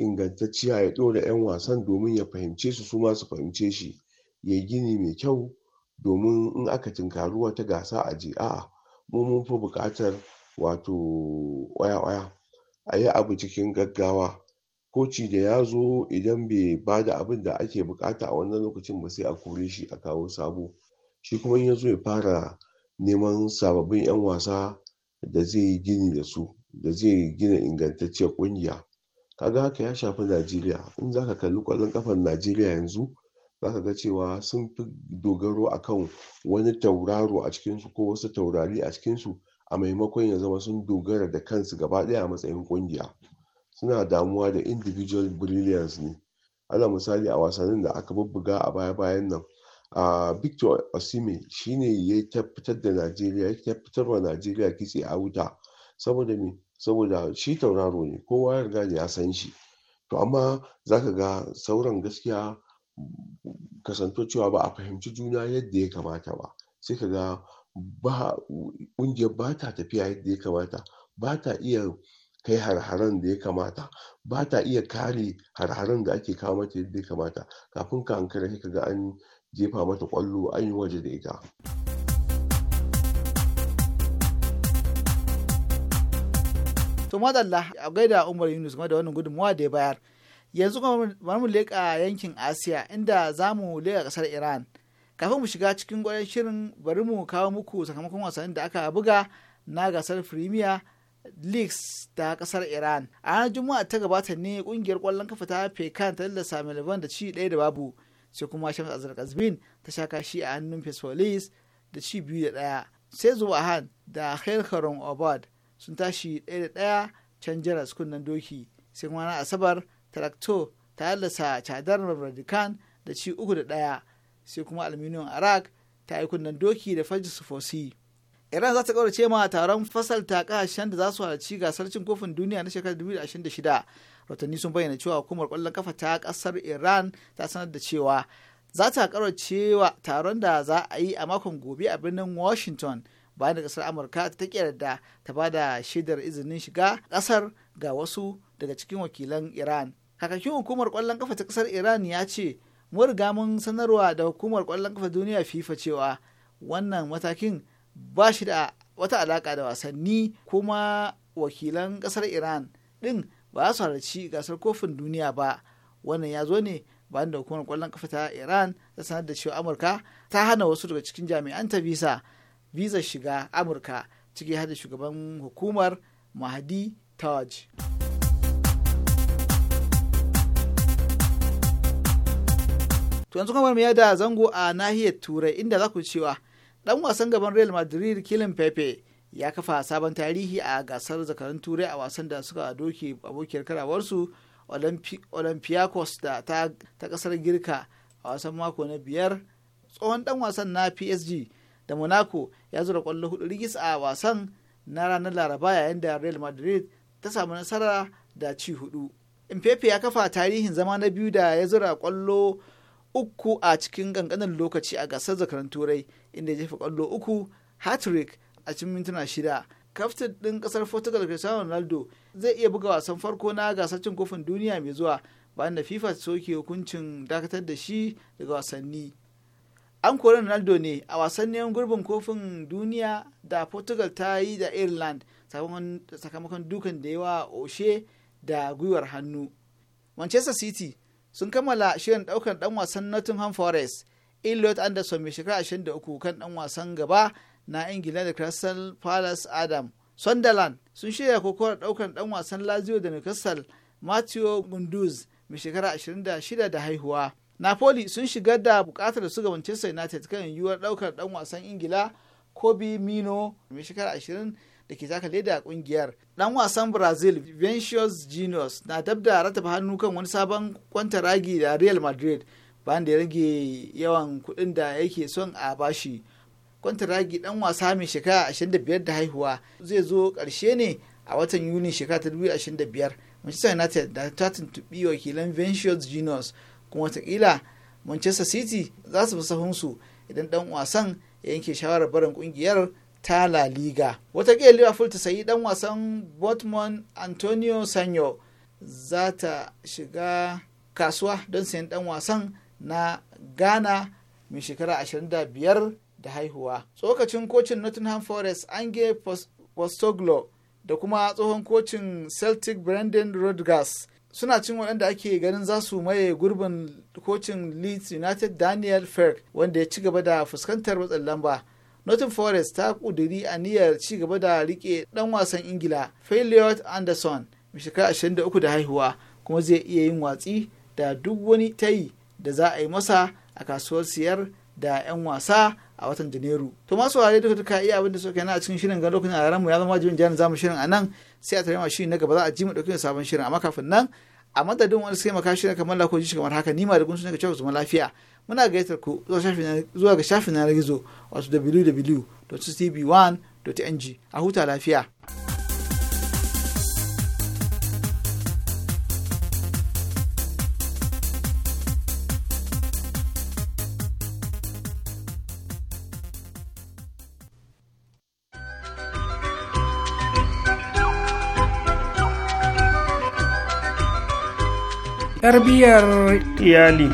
ingantacciya ya ɗora 'yan wasan domin ya fahimce su su su fahimce shi ya gini mai kyau domin in aka tinkaruwa ta gasa a je a'a mu mun fi buƙatar wato ƙwaya-ƙwaya a yi abu cikin gaggawa koci da ya zo idan bai ba da abin da ake bukata a wannan lokacin ba sai a kore shi a kawo sabo shi kuma in ya zo ya fara neman sababbin 'yan wasa da zai gini da su da zai gina ingantacciyar ƙungiya kaga haka ya shafi najeriya in zaka kalli ƙwallon ƙafan najeriya yanzu za ka ga cewa sun fi dogaro akan wani tauraro a cikinsu ko wasu taurari a cikinsu a maimakon ya zama sun dogara da kansu gaba ɗaya a matsayin ƙungiya suna damuwa da individual brilliance ne ana misali a wasannin da aka bubbuga a baya-bayan nan a victor osimhen shine ya tabbatar da najeriya ya tabbatar wa najeriya kitse a wuta saboda me saboda shi tauraro ne kowa ya riga da ya san shi to amma za ka ga sauran gaskiya kasanto cewa ba a fahimci juna yadda ya kamata ba sai ka ga ba ƙungiyar ba ta tafiya yadda ya kamata ba ta iya kai harharen da ya kamata ba ta iya kare harharen da ake kawo mata yadda ya kamata kafin ka hankali ka ga an jefa mata kwallo an yi waje da ita. to madalla a gaida umar yunus game da wannan gudunmawa da ya bayar yanzu kuma bamu mu leka yankin asiya inda zamu leka kasar iran kafin mu shiga cikin gwanin shirin bari mu kawo muku sakamakon wasannin da aka buga na gasar firimiya leagues ta kasar iran a ranar juma'a ta gabata ne kungiyar kwallon kafa ta pekan ta lallasa melbourne da ci ɗaya da babu sai kuma shan azar kazbin ta sha kashi a hannun fesfolis da ci biyu da ɗaya sai zuwa han da khair obad sun tashi ɗaya da ɗaya can jaras kunnen doki sai kuma na asabar tarakto ta yallasa cadar radikan da ci uku da ɗaya sai kuma aluminium arak ta yi kunnen doki da fajis fosi iran za ta kaurace ma taron fasalta kasashen da za su halarci gasar cin kofin duniya na shekarar 2026 rahotanni sun bayyana cewa hukumar kwallon kafa ta kasar iran ta sanar da cewa za ta kaurace wa taron da za a yi a makon gobe a birnin washington bayan da kasar amurka ta yarda ta ba da shaidar izinin shiga kasar ga wasu daga cikin wakilan iran kakakin hukumar kwallon kafa ta kasar iran ya ce mun riga sanarwa da hukumar kwallon kafa duniya fifa cewa wannan matakin ba shi da wata alaka da wasanni kuma wakilan kasar iran din ba su halarci gasar kofin duniya ba wannan ya zo ne bayan da hukumar kwallon kafa ta iran ta sanar da cewa amurka ta hana wasu daga cikin jami'an ta bisa visa shiga amurka ciki har shugaban hukumar mahadi taj to yanzu kamar mu da zango a nahiyar turai inda za ku cewa dan wasan gaban real madrid kilin pepe ya kafa sabon tarihi a gasar zakarun turai a wasan da suka doke abokiyar karawarsu olympiacos da ta kasar girka a wasan mako na biyar tsohon dan wasan na psg da monaco ya zura kwallo hudu rigis a wasan na ranar laraba yayin da real madrid ta samu nasara da ci hudu Mpepe ya kafa tarihin zama na biyu da ya zura kwallo uku a cikin kankanin lokaci a gasar zakaran turai inda ya jefa kwallo uku hat-trick a cikin mintuna shida kaftin din kasar portugal cristiano ronaldo zai iya buga wasan farko na gasar cin kofin duniya mai zuwa bayan da fifa soke hukuncin dakatar da shi daga wasanni an kori ronaldo ne a wasannin gurbin kofin duniya da portugal ta yi da ireland sakamakon dukan da yawa oshe da gwiwar hannu manchester city sun kammala shirin daukan dan wasan nottingham forest Elliot Anderson mai shekara 23 kan dan wasan gaba na Ingila da Crystal Palace Adam. Sunderland sun shirya kokowar daukan dan wasan Lazio da Newcastle matthew Gunduz mai shekara 26 da haihuwa. napoli sun shigar da bukatar su ga manchester united kan yiwuwar daukar dan wasan ingila kobe mino mai shekara 20 da ke taka leda kungiyar dan wasan brazil vincius genius na dabda rataba hannu kan wani sabon ragi da real madrid bayan da ya rage yawan kuɗin da yake son a bashi ragi dan wasa mai shekara 25 da haihuwa zai zo ƙarshe ne a watan yuni shekara 2025 manchester united da ta tuntuɓi wakilan vincius genius kuma watakila manchester city za su fi sahunsu idan dan wasan ya yanke shawarar barin kungiyar ta la liga watakila liverpool ta sayi dan wasan botman antonio sanyo za ta shiga kasuwa don sayan dan wasan na ghana mai shekara 25 da haihuwa tsokacin kocin nottingham forest ange postoglo da kuma tsohon kocin celtic brendan rodgers suna cin waɗanda ake ganin za su maye gurbin kocin leeds united daniel ferg wanda ya ci gaba da fuskantar matsan lamba Nottingham Forest ta kuduri aniyar ci gaba da riƙe ɗan wasan Ingila Elliot Anderson mai shekara 23 da haihuwa kuma zai iya yin watsi da duk wani tayi da za a yi masa a kasuwar siyar da 'yan wasa a watan janairu to masu wurare duka duka iya abin da suka na a cikin shirin ga lokacin a mu ya zama wajibin jani zamu shirin a nan sai a tarima shirin na gaba za a ji mu dauke sabon shirin amma kafin nan a madadin wani sai maka shirin kamar lako ji kamar haka ma da kun ne ga cewa zuma lafiya muna gayyatar ku zuwa ga shafin na gizo wato www.tv1.ng a huta lafiya. tarbiyyar iyali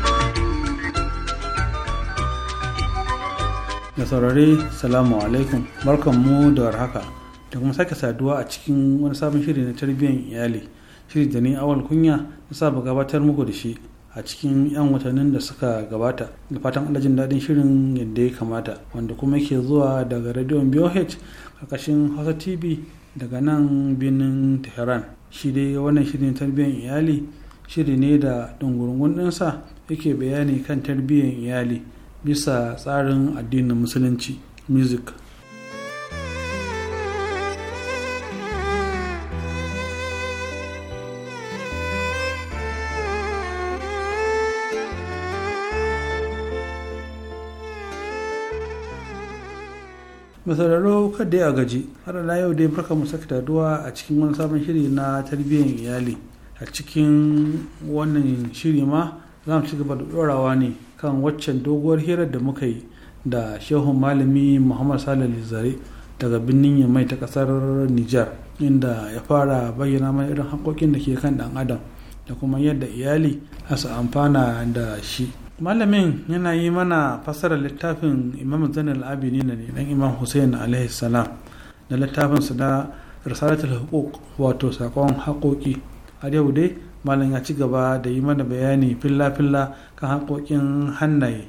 da saurare salamu alaikum barkanmu da warhaka da kuma sake saduwa a cikin wani sabon shiri na tarbiyyar iyali shiri da ni awal kunya na saba gabatar muku da shi a cikin 'yan watannin da suka gabata da fatan alajin daɗin shirin yadda ya kamata wanda kuma ke zuwa daga rediyon BOH karkashin Hausa TV daga nan birnin Tehran shi dai wannan shirin tarbiyyar iyali shiri ne da dungurungun ɗinsa yake bayani kan tarbiyyar iyali bisa tsarin addinin musulunci music masararo kada ya gaji har yau dai barka mu duwa a cikin wani sabon shiri na tarbiyyar iyali a cikin wannan shiri ma za mu ci gaba da ɗorawa ne kan waccan doguwar hirar da muka yi da shehun malami muhammad salih zare daga birnin yamai ta ƙasar nijar inda ya fara bayyana mai irin haƙoƙin da ke kan ɗan adam da kuma yadda iyali a su amfana da shi malamin yana yi mana fassarar littafin imam zainal abidin ne dan imam hussein alaihi salam da littafinsa da risalatul huquq wato saƙon haƙoƙi a yau dai malam ya ci gaba da yi mana bayani filla-filla kan haƙoƙin hannaye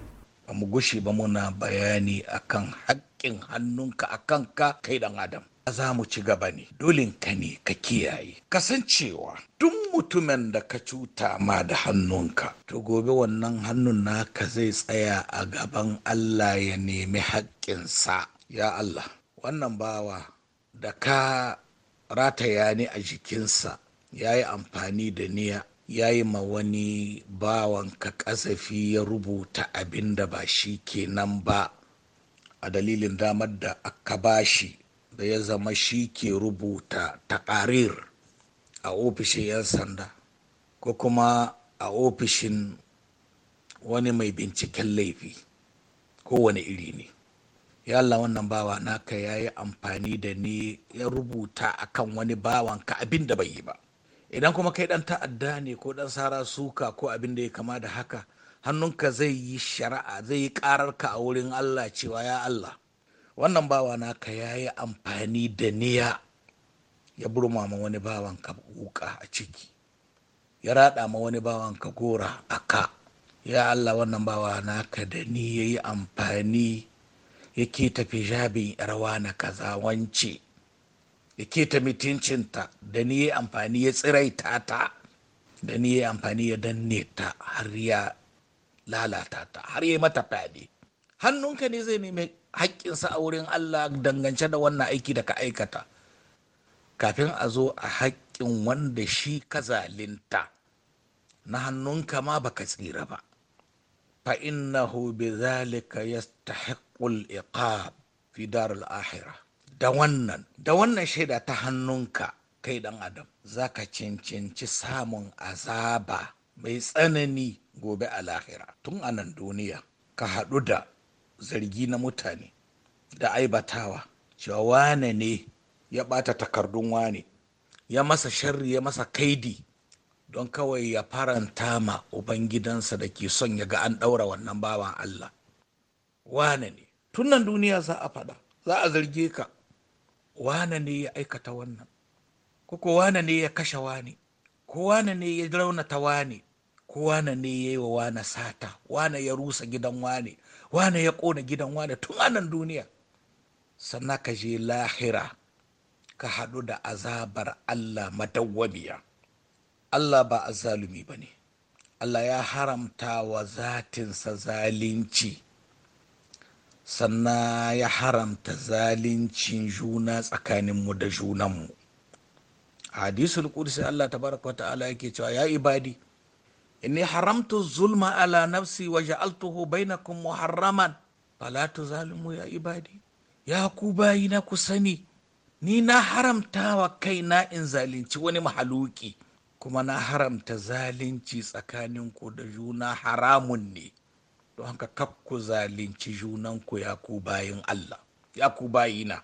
ba mu gushe ba muna bayani akan haƙƙin hannunka akan ka kai dan adam za mu ci gaba ne dolinka ne ka kiyaye kasancewa duk mutumin da ka cuta ma da hannunka to gobe wannan hannun naka zai tsaya a gaban allah ya nemi haƙƙinsa ya allah wannan bawa da ka rataya ni a jikinsa ya yi amfani da niya ya yi ma wani bawan ka kasafi ya rubuta abin da ba shi kenan ba a dalilin damar da aka shi da ya zama shi ke rubuta takarir a ofishin 'yan sanda ko kuma a ofishin wani mai binciken laifi kowane iri ne ya Allah wannan bawa naka ya yi amfani da ni ya rubuta akan wani bawanka abin da bai yi ba idan kuma kai dan ta'adda ne ko dan sara suka ko abin da ya kama da haka hannunka zai yi shari'a zai yi kararka a wurin allah cewa ya allah wannan bawa naka ya yi amfani da niya ya burma ma wani bawanka wuka a ciki ya rada ma wani bawanka gora a ka ya allah wannan bawa ka da ni ya yi amfani yake tafi jabi rawa na kaza wance ya keta mutuncinta da ni ya amfani ya tsiraita ta da ni ya amfani ya danne ta har ya lalata ta har ya mata fyaɗe hannunka ne zai nemi haƙƙinsa a wurin allah dangance da wannan aiki da ka aikata kafin a zo a haƙƙin wanda shi ka zalinta na hannunka ma baka tsira ba fa innahu bi zalika haƙƙul iqab fi darul akhirah da wannan da wannan shaida ta hannunka kai dan adam za ka cancanci samun azaba mai tsanani gobe a lahira tun a nan duniya ka haɗu da zargi na mutane da aibatawa cewa wane ne ya bata takardun wane ya masa sharri ya masa kaidi don kawai ya faranta ma ubangidansa da ke son ya ga an ɗaura wannan bawan Allah wane ne tun nan duniya za a faɗa za a zarge ka wane ne ya aikata wannan ko wane ne ya kashe wane ko wane ne ya raunata wane ko wane ne ya yi wa wane sata wane ya rusa gidan wane wane ya ƙona gidan wane tun anan duniya sannan ka je lahira ka haɗu da azabar Allah madawwamiya Allah ba zalumi ba ne Allah ya haramta wa zatinsa zalunci sannan ya haramta zalincin juna tsakaninmu da junanmu hadisul qudsi Allah tabaraka ta'ala yake cewa ya ibadi inni haramtu zulma ala nafsi wa ja'altuhu bainakum muharraman fala tuzalimu ya ibadi ya ku na ku sani ni na haramta wa kaina in zalunci wani mahaluki kuma na haramta zalunci tsakaninku da juna haramun ne don haka kaf ku zalunci junanku ya ku bayin Allah ya ku bayina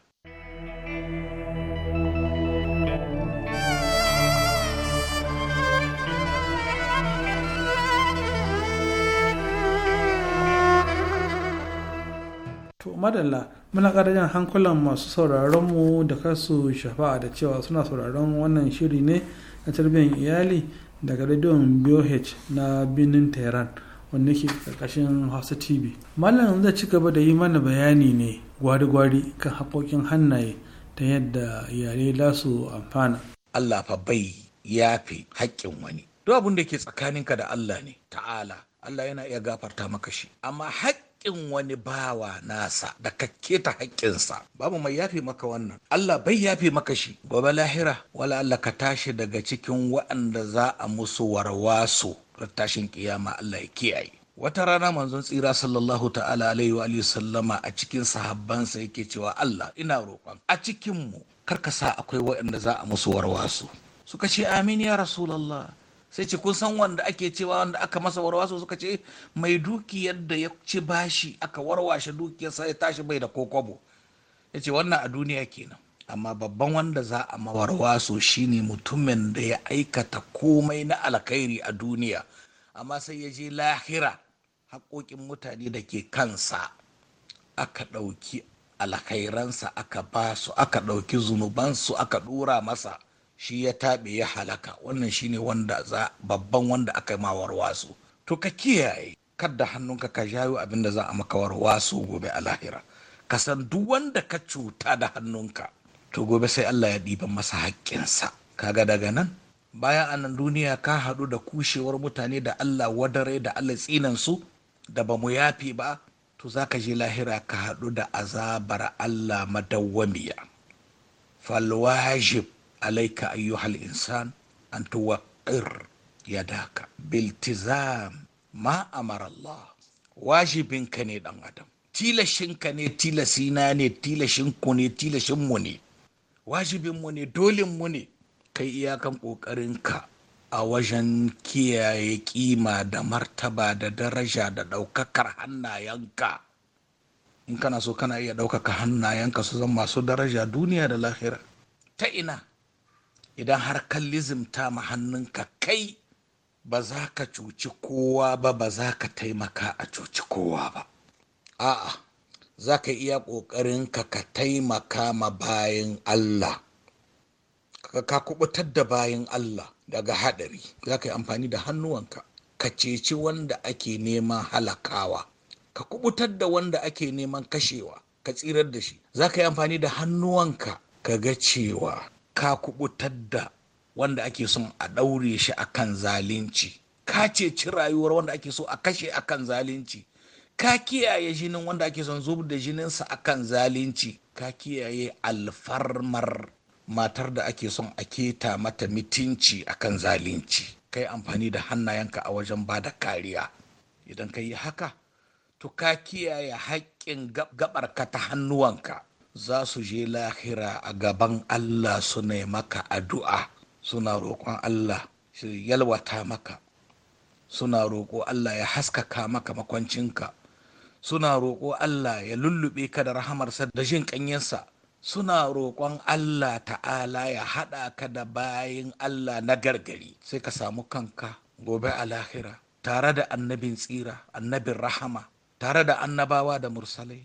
madalla muna jan hankulan masu sauraron mu da kasu shafa'a da cewa suna sauraron wannan shiri ne na tarbiyyar iyali daga rediyon BOH na binin tehran wanda ke karkashin hausa tv malam zai ci gaba da yi mana bayani ne gwari-gwari kan haƙoƙin hannaye ta yadda yare za su amfana allah fa bai yafe haƙƙin wani duk abin da ke tsakaninka da allah ne ta'ala allah yana iya gafarta maka shi amma haƙƙin wani bawa nasa da ka keta haƙƙinsa babu mai yafe maka wannan allah bai yafe maka shi gobe lahira wala allah ka tashi daga cikin waɗanda za a musu warwaso tashin kiyama Allah ya kiyaye wata rana manzon tsira sallallahu ta'ala alaihi wa sallama a cikin sahabbansa yake cewa Allah ina roƙon a cikin mu karka sa akwai waɗanda za a musu warwasu suka ce amin ya rasulullah sai ce kun san wanda ake cewa wanda aka masa warwasu suka ce mai dukiyar da ya ci bashi aka warwashe dukiyarsa ya tashi bai da kokobo ya ce wannan a duniya kenan amma babban wanda za a so shine mutumin da ya aikata komai na alkhairi a duniya amma sai ya je lahira haƙoƙin mutane da ke kansa aka ɗauki alkhairansa aka ba su aka ɗauki zunubansu aka ɗora masa shi ya taɓe ya halaka wannan shine wanda za babban wanda aka mawarwa so to ka kiyaye kadda hannunka ka jayo abinda za a maka warwaso gobe a lahira ka san duk wanda ka cuta da hannunka to gobe sai Allah ya ɗiban masa haƙƙinsa kaga daga nan bayan nan duniya ka haɗu da kushewar mutane da Allah wadare da Allah tsinansu da ba mu yafi ba to za ka je lahira ka haɗu da azabar Allah madawwamiya falwajib alaika ayyuhal insan an tuwaqqir yadaka biltizam ma amara Allah wajibinka ne dan adam tilashinka ne tilasina ne tilashinku ne tilashinmu ne wajibinmu ne dolinmu ne kai iyakan ka. a wajen kiyaye kima da martaba da daraja da ɗaukakar hannayenka in kana so kana iya ɗaukaka hannayenka su zama masu daraja duniya da lahira ta ina idan har kan lizimta ma hannunka kai ba za ka cuci kowa ba ba za ka taimaka a cuci kowa ba a'a za ka iya ƙoƙarin ka ka taimaka ma bayan Allah ka kubutar da bayan Allah daga haɗari za ka yi amfani da hannuwanka ka ceci wanda ake neman halakawa ka kubutar da wanda ake neman kashewa ka tsirar da shi za ka yi amfani da hannuwanka ka ga cewa ka kubutar da wanda ake son a ɗaure shi akan zalunci ka ceci rayuwar wanda ake so a kashe akan zalunci ka kiyaye jinin wanda ake son zubar da jininsa akan zalunci ka kiyaye alfarmar matar da ake son a keta mata mitinci akan zalunci kai amfani da hannayenka a wajen ba da kariya idan ka yi haka to ka kiyaye haƙƙin gabarka ta hannuwanka za su je lahira a gaban Allah ne maka addu'a suna roƙon Allah shi yalwata maka suna roƙo Allah ya haskaka maka makwancinka suna roƙo Allah ya lullube ka da rahamarsa da jin ƙanyensa suna roƙon Allah ta'ala ya haɗa ka da bayan Allah na gargari sai ka samu kanka gobe a lahira tare da annabin tsira annabin rahama tare da annabawa da mursalai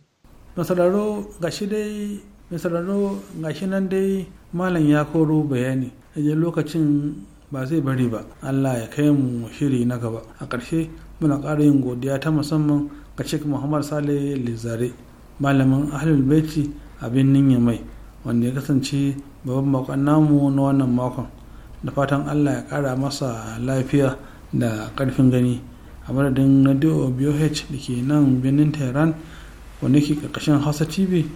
masararo ga dai nan dai malam ya koro bayani a lokacin ba zai bari ba allah ya kai mu shiri na gaba a ƙarshe muna ƙara yin godiya ta musamman ga cik Muhammad Saleh Lizare malamin Ahlul Baiti a birnin Yamai wanda ya kasance babban bakon namu na wannan makon da fatan Allah ya kara masa lafiya da karfin gani a madadin radio BOH da ke nan birnin Tehran wanda ke karkashin Hausa TV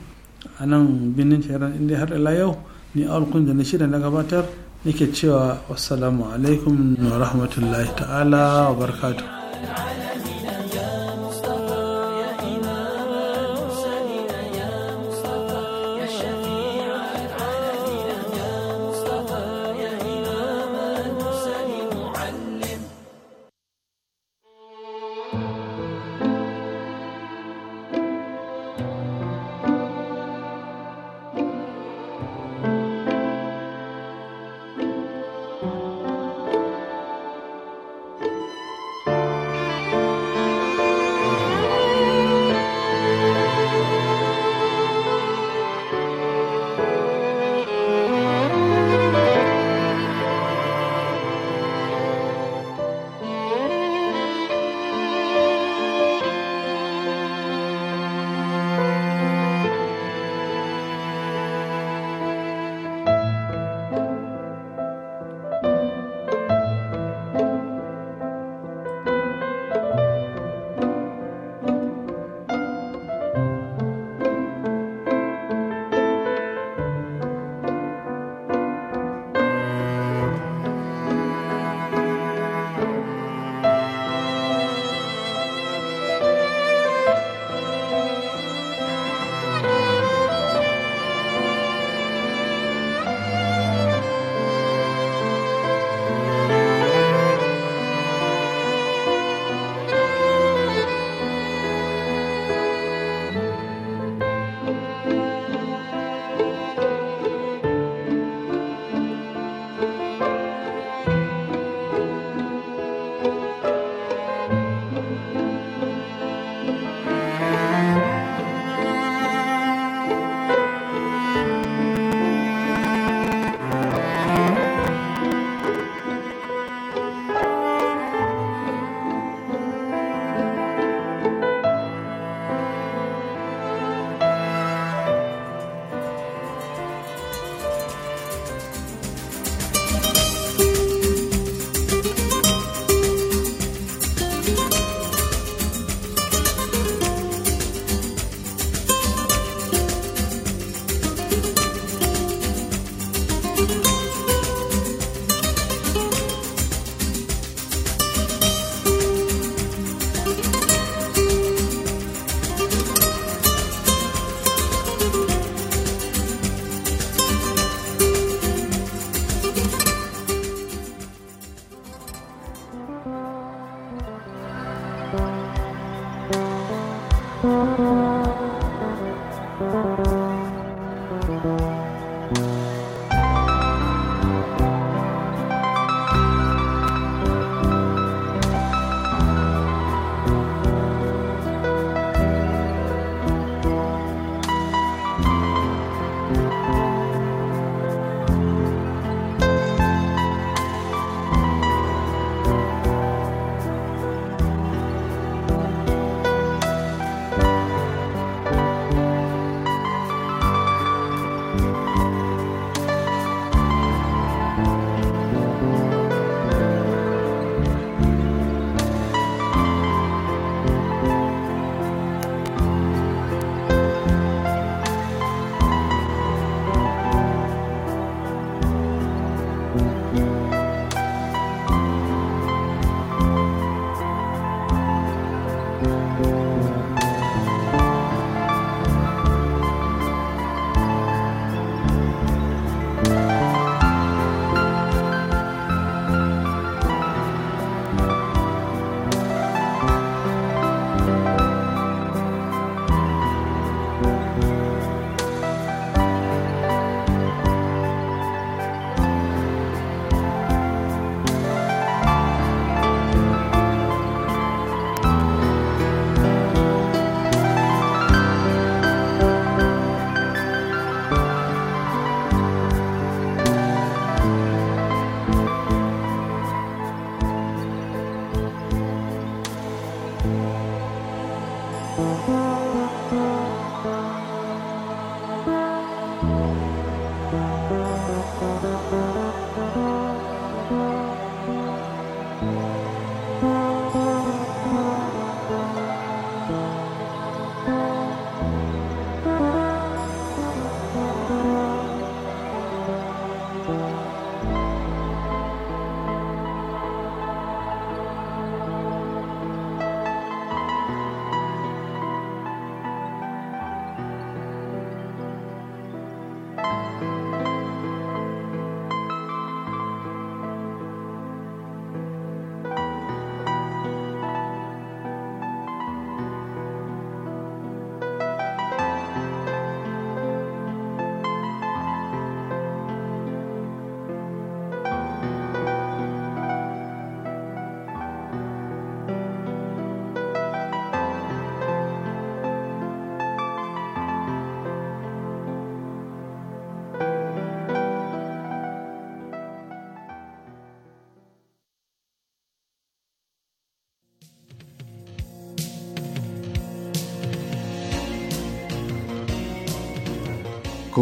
a nan birnin Tehran inda har ila yau ni alkun da na shirya na gabatar nake cewa wassalamu alaikum wa rahmatullahi ta'ala wa barkatu.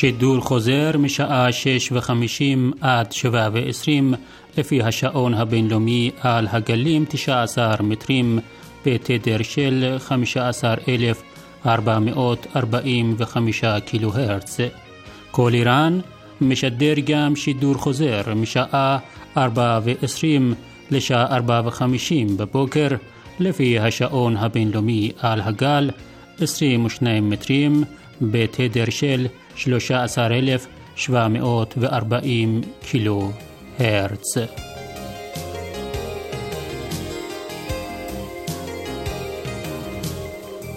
שידור חוזר משעה 6 ו עד 7 לפי השעון הבינלאומי על הגלים 19 מטרים בתדר של 15,445 קילו הרץ. כל איראן משדר גם שידור חוזר משעה 4 ו לשעה 4 בבוקר לפי השעון הבינלאומי על הגל 22 מטרים בתדר של 13,740 קילו הרץ.